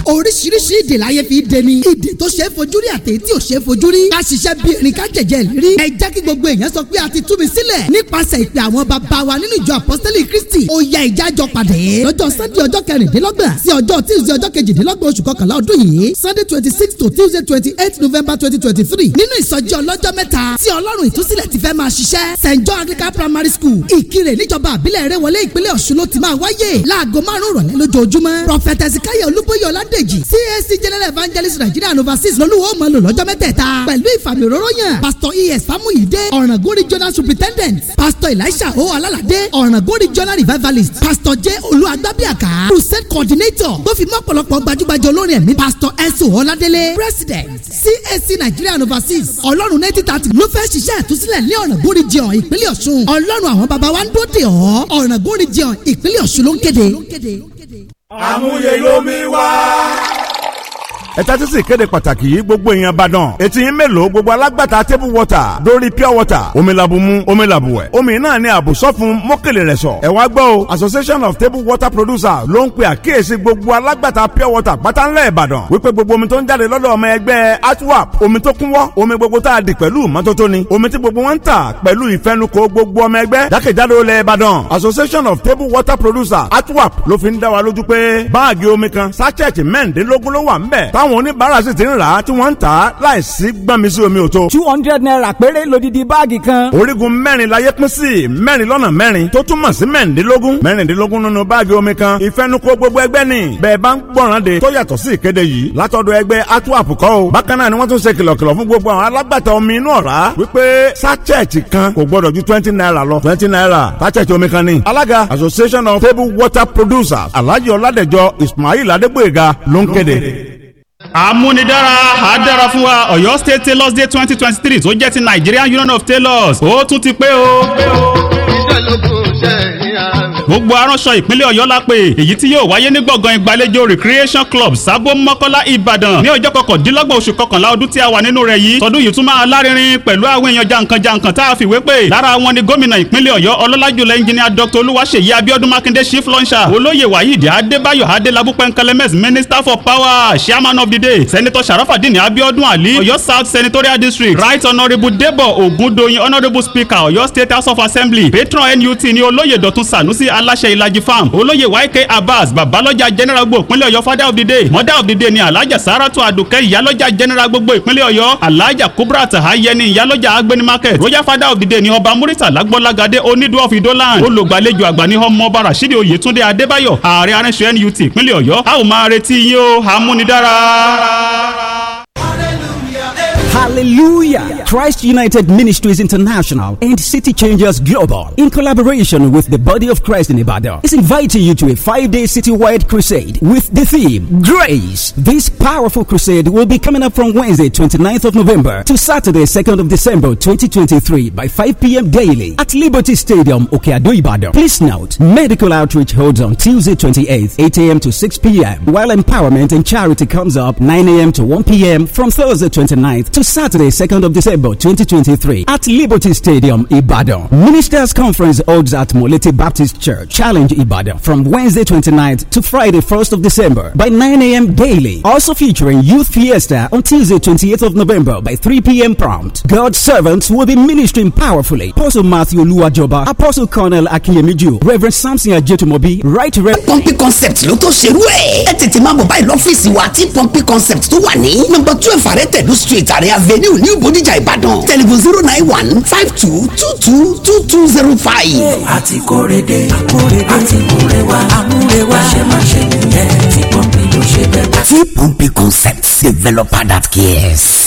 oríṣiríṣi ìdè láyé fi dẹni ìdè tó ṣe é fojú rí àti tí ò ṣe é fojú rí ká ṣiṣẹ́ bí erin ká jẹ̀jẹ̀ rí ẹ jẹ́ kí gbogbo èèyàn sọ pé a ti tú mi sílẹ̀ nípasẹ̀ ìpè àwọn bàbá wa nínú ìjọ apọ́sítẹ́lì kristi ó ya ìjájọ pàdé lọ́jọ́ sunday ọjọ́ kẹrìndínlọ́gbọ̀n sí ọjọ́ tuesday ọjọ́ kejìdínlọ́gbọ̀n oṣù kọkànlá ọdún yìí sunday twenty six to tuesday twenty eight november twenty twenty three nínú ìsọjí ọlọ́jọ́ mẹ́ta tí ọlọ́run ìtúsílẹ̀ ti fẹ́ máa ṣiṣẹ́ st john anglican primary school ìkirè níjọba àbílẹ̀ rẹ̀wọlé ìpínlẹ̀ ọ̀ṣun ló ti máa wáyé láago márùn-ún rọ̀lẹ́ lójoojúmọ́ prọfẹtẹsì káyọ̀ olúbóyè ọ̀làd méjèèjì CAC general evangelist nigeria and overseas lọ́lúwọ́ mọ̀ lò lọ́jọ́ mẹ́tẹ̀ẹ̀ta pẹ̀lú ìfàmìrọ́rọ́yàn pastor es famuyide ọ̀ràngún regional superintendent pastor elisha o alalade ọ̀ràngún regional revivalist pastor j olú agbábíàká crusade coordinator tó fi mọ́ ọ̀pọ̀lọpọ̀ gbajúgbajà olórin ẹ̀mí pastor ẹ̀sùn ọ̀ládélé president CSC nigeria and overseas ọlọ́run ninety thirty ló fẹ́ ṣiṣẹ́ àtúnṣílẹ̀ ní ọ̀ràngún region ìpínlẹ̀ ọ̀ṣun ọlọ́run àwọn baba wa ń dóde ọ̀ ọ̀ràngún region ìpínlẹ̀ ọ̀ṣun àmúyẹ lómi wá ẹ tẹ́tí sí ìkéde pàtàkì yìí gbogbo èèyàn Ìbàdàn ètí yín mélòó gbogbo alágbàtà table water dórí pure water omi labumu omi labuwẹ̀ omi náà ni àbùsọ fún mọ́kèlè rẹ̀ sọ. ẹ wá gbọ́ o association of table water producers ló ń pe àkíyèsí gbogbo alágbàtà pure water pátánlẹ̀ Ìbàdàn wípé gbogbo omi tó ń jáde lọ́dọ̀ ọmọ ẹgbẹ́ atwap omi tó kúnwọ́ omi gbogbo tá a dì pẹ̀lú mọ́tótó ni omi tí gbogbo wọn ń tà pẹ̀lú ìfẹnukò association of table water producers atwap ló fi ń dá wa lójú pé báàgì omi kan sachet táwọn oníbàárà sì ti ń rà á tí wọ́n ń tà á láìsí gbọ́nmi sí omi òtó. two hundred naira péré lódìdí báàgì kan. orígun mẹ́rin la yẹ pín sí mẹ́rin lọ́nà mẹ́rin tó túmọ̀ sí mẹ́rìndínlógún mẹ́rìndínlógún nínú báàgì omi kan ìfẹnukò gbogbo ẹgbẹ́ ni bẹ́ẹ̀ bá ń gbọ́ràn de tó yàtọ̀ sí ìkéde yìí látọ̀dọ̀ ẹgbẹ́ atuap kọ́ o bákan náà ni wọ́n tún ṣe kìlọ̀kìlọ̀ fún gbogbo àwọn alágbàtà omi inú ọ̀rá wípé sachet kan kò twenty naira lọ twenty naira sachet omi kan ni. association of table water producers alhaji ọládẹjọ ismail adégbòyega ló ń kéde amúnidára á dára fún wa Ọ̀yọ́ State Tailors Day twenty twenty three tó jẹ́ ti Nigerian Union of Tailors ó tún ti pé o gbogbo aránṣọ ìpínlẹ̀ ọ̀yọ́ la pè èyí tí yóò wáyé ní gbọ̀ngàn ìgbàlejò recreation club sábó mọ́kọ́lá ìbàdàn ní ọjọ́ kọkàndínlọ́gbọ̀n oṣù kọkànlá ọdún tí a wà nínú rẹ̀ yìí tọdún yìí tún máa lárinrin pẹ̀lú àwọn èèyàn jàǹkànjàǹkàn tá a fi wé pé lára wọn ni gómìnà ìpínlẹ̀ ọ̀yọ́ ọlọ́lájúlọ ẹnjìnìà dr olúwaṣèyí abiodun makinde chief launcher olóyè wayidi adébáyọ̀ adélábù minister for power chairman of the day senator sharafadini abiodun ali ọ̀yọ́ south senatorial district right honourable debo ogundoyin honourable speaker ọ̀yọ́ state house of assembly patron nut ni olóyè dọ̀tun sanusi aláṣẹ ìlàjì farm olóyè yk abbas babalọ́jà general gbogbo ìpínlẹ̀ ọ̀yọ́ father of the day mother of the day ni alájà saratu adùkẹ́ ìyálọ́jà general gbogbo ìpínlẹ̀ ọ̀yọ́ alájà kubrat ayẹni ìyálọ́jà agbeni market royal father of the day ni ọba murita lagbọ́lagadé onídùú of idoland olùgbàlejò àgbà ní ọmọọba rasheed oyetunde adébáyọ̀ ààrẹ arẹ́sọ nut ìpínlẹ̀ ọ̀yọ́ a ò máa retí yín o amúnidára. Hallelujah! Christ United Ministries International and City Changers Global, in collaboration with the Body of Christ in Ibadan, is inviting you to a five-day citywide crusade with the theme Grace. This powerful crusade will be coming up from Wednesday, 29th of November to Saturday, 2nd of December, 2023, by 5 p.m. daily at Liberty Stadium, Okeado, Ibadan. Please note, medical outreach holds on Tuesday, 28th, 8 a.m. to 6 p.m., while empowerment and charity comes up 9 a.m. to 1 p.m. from Thursday, 29th to Saturday. Saturday, 2nd of December 2023 at Liberty Stadium, Ibadan. Ministers' Conference holds at Moleti Baptist Church, Challenge Ibadan from Wednesday 29th to Friday 1st of December by 9 a.m. daily. Also featuring Youth Fiesta on Tuesday 28th of November by 3 p.m. prompt. God's servants will be ministering powerfully. Apostle Matthew Luwajoba, Apostle Colonel Akiyemiju, Reverend Samson Ajetumobi, Right Reverend. Pọ́ńpì concept ló tó ṣerú ẹ̀. Ẹ tètè máa concept tó wani. Number Nọmba twelve Arẹ́tẹ̀lú street Àrẹ́ New new Bodija Ìbàdàn telephone zero nine one five two two two two two zero five. a ti kórè dé a kórè dé a ti múre wá ṣe má ṣe nìyẹn tí pọ́ǹpì ló ṣe bẹ́ẹ̀. tí pọ́ǹpì concept developer that cares.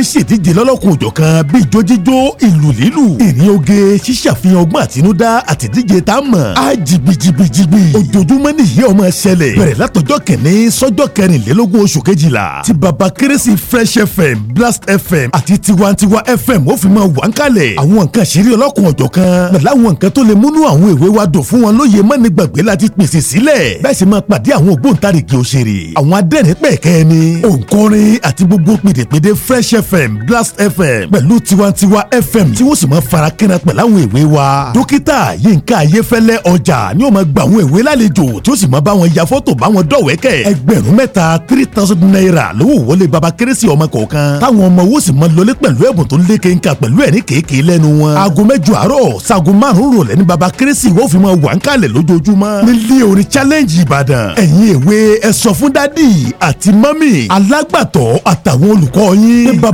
ṣe ń ṣèdíje lọ́lọ́kùn òjọ̀ kan bíi jójíjó ìlú lílù ìrìn oge ṣíṣàfihàn ọgbọ́n àtinúdá àtìdíje tá a mọ̀ á jìgbìjìgbìjìgbì ojoojúmọ́ nìyí ọmọ ṣẹlẹ̀ bẹ̀rẹ̀ látọjọ́ kẹ̀ní sọ́jọ́ kẹrìnlélógún oṣù kejìlá ti baba kérésì fresh fm blast fm àti tiwantiwa fm ó fi máa wà ń kalẹ̀ àwọn nǹkan ṣeré ọlọ́kùn ọ̀jọ̀ kan pẹ̀lú àwọn nǹkan tó lè múnú àwọn èwe wa dùn fún wọn lóye mọ́ni gbàgbé láti pèsè sílẹ̀ bẹ́ẹ̀ sì máa pàdé àwọn ògbóǹtarìgì òṣèré àwọn adẹ́rìn pẹ̀kẹ́ ni òǹkọrin àti gbogbo pèdèpèdè fresh fm blast fm pẹ̀lú tiwantiwa fm tí wọ́n sì máa fara kẹ́nà pẹ̀lú àwọn èwe wa. dókítà yínká ayéfẹ́lẹ́ ọjà ni ó máa gba àwọn èwe lálejò tí ó sì máa bá wọn ya fọ́tò bá wọn dọ̀wẹ́kẹ̀. ẹgbẹ̀rún mẹ́ta three thousand naira lówó wọlé baba kérésì ọmọ kọ̀ọ̀kan táwọn ọmọ wo sì máa lọlé pẹ̀lú ẹ̀bùn tó lé kéńkà pẹ̀lú ẹ̀rín kéèké lẹ́nu wọn. aago mẹ́jọ àárọ̀ sago márùn-ún rọ̀lẹ́ baba kérésì wọ́n fi máa wà ń kalẹ̀ lójoojúmọ́. challenge ìbàdàn ẹ̀yin èwe ẹ sọ fún dádì àti mọ́mì alágbàtọ́ àtàwọn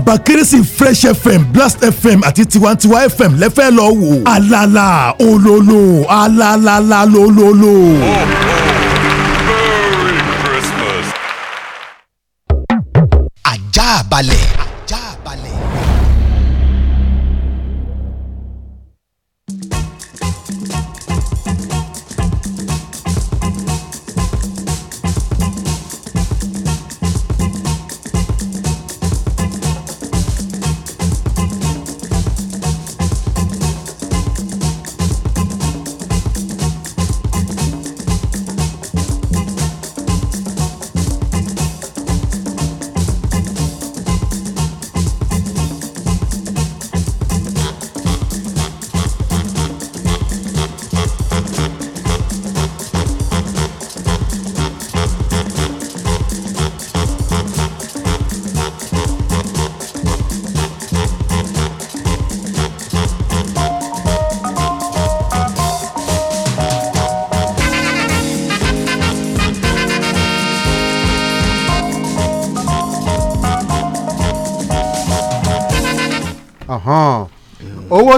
bàbá kérésì fresh fm blast fm àti tiwantiwa fm lẹ́fẹ́ lọ wò alala ololo, alalala lólólo. Oh, oh, Merry Christmas. ajá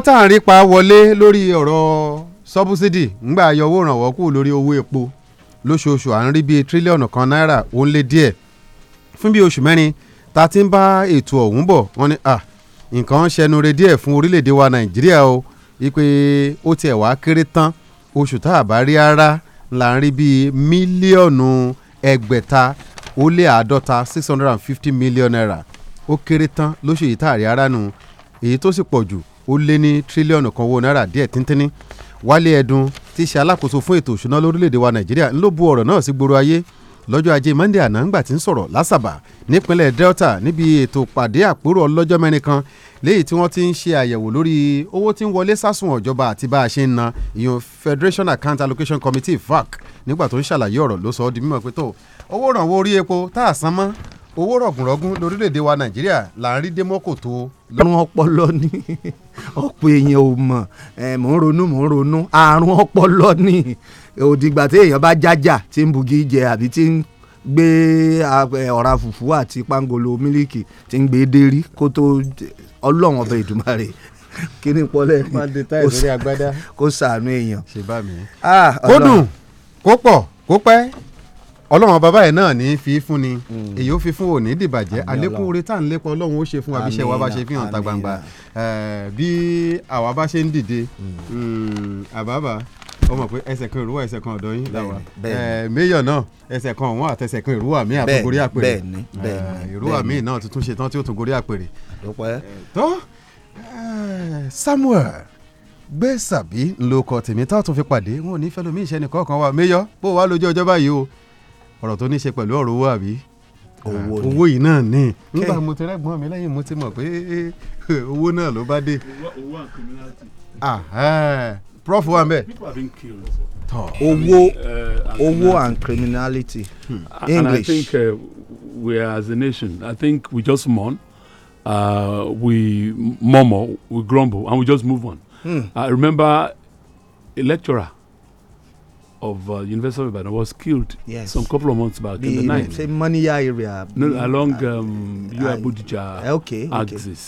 tá à ń rípa wọlé lórí ọ̀rọ̀ sọ́búsídì ńgbà yọwọ́ ìrànwọ́ kù lórí owó epo lóṣooṣù à ń rí bíi tírílíọ̀nù kan náírà ó ń lé díẹ̀ fún bíi oṣù mẹ́rin ta ti ń bá ètò ọ̀hún bọ̀ wọ́n ní à nǹkan ṣẹnu re díẹ̀ fún orílẹ̀-èdè wa nàìjíríà o wípé ó tiẹ̀ wá kéré tán oṣù tá a bá rí ara là ń rí bíi mílíọ̀nù ẹgbẹ̀ta ó lé àádọ́ta six hundred and fifty million naira ó kéré tán lóṣù yìí tá a rí ara nù èyí tó sì pọ̀ jù ó lé ní tírílíọ̀nù kan owó náírà díẹ̀ tíntínní wálé ẹ̀dùn tí í ṣe alákòóso fún ètò òṣùná lórílẹ̀‐èdè wa nàìjíríà ń ló bu ọ̀rọ̀ náà sí gbòòrò ayé lọ́jọ́ ajé monde àná ńgbà tí ń sọ̀rọ̀ lásàbà nípínlẹ̀ delta níbi ètò pàdé àpérò ọlọ́jọ́ mẹ́rin kan léyìí tí wọ́n ti ń ṣe àyẹ̀wò lórí owó tí ń wọlé sásùn ọ̀jọba àti bá a ṣe ń na ìyọ̀n federation account allocation committee vac nígbà tó ń ṣàlàyé ọ̀rọ̀ ló sọ ọ́ di mímọ̀ pé tó owó rànwọ́ orí epo tá a san mọ́ owó rọ̀gùnrọ̀gùn lórílẹ̀‐èdè wa nàìjíríà là ń rí dẹ́mọ́kò tó. àrùn ọpọlọ ni ọ̀pọ̀ èèyàn ò mọ̀ mò ń ronú mò ń ronú àrùn ọpọlọ ni òdìgbà tí èèyàn bá jájà tí ń bugi jẹ àbí tí ń gbé ọ̀rá fùfú àti pangolo mílíkì tí ń gbé dérí kó tó ọlọ́run ọbẹ̀ ìdùmarè kíní pọ́lẹ́ kó ṣàánú èèyàn. kó ah, dùn kó pọ̀ kó pẹ́ ọlọ́run bàbá yẹn náà ní fi fún ni hmm. èyí ó fi fún òní dìbàjẹ́ àlékún oore tá à ń lépa ọlọ́run ó ṣe fún wa bí iṣẹ́ wa bá ṣe fi hàn ta gbangba bí àwa bá ṣe ń dìde hmm, àbábà ó mọ̀ pé ẹsẹ̀ kan ìrúwà ẹsẹ̀ kan ọ̀dọ́ yín làwà méyọ̀ náà ẹsẹ̀ kan ọ̀hún àtẹsẹ̀ kan ìrúwà mi àtúngorí àpèrè ìrúwà mi náà tuntun ṣetán tí ó tún àpèrè. tó Samuel gbé sàbí ńlọkọ tèmi tún fi pàdé wọn ò ní fẹ́ lómi ìṣẹ́ni kọ̀ọ̀kan wa méyọ̀ bó wàá lójú ọjọ́ báyìí o ọ̀rọ̀ tó ní ṣe pẹ̀lú ọ̀rọ̀ owó àbí owó ah, yìí náà ní nígbà mo ti rẹ́gbọ́n mi lẹ́yìn mo ti mọ̀ pé eh, eh, owó náà ló bá dé. owó àkùnmíláàtì. prof wa mbẹ. owó eh, owó and criminality hmm. english. and i think uh, we are as a nation i think we just mourn uh, we murmur we grumble and we just move on. Hmm. i remember a lecturer of uh, University of Ibadan was killed yes. some couple of months back the in the night. Say Mania area. No, along uh, um, uh, Yua Budija okay, okay. axis.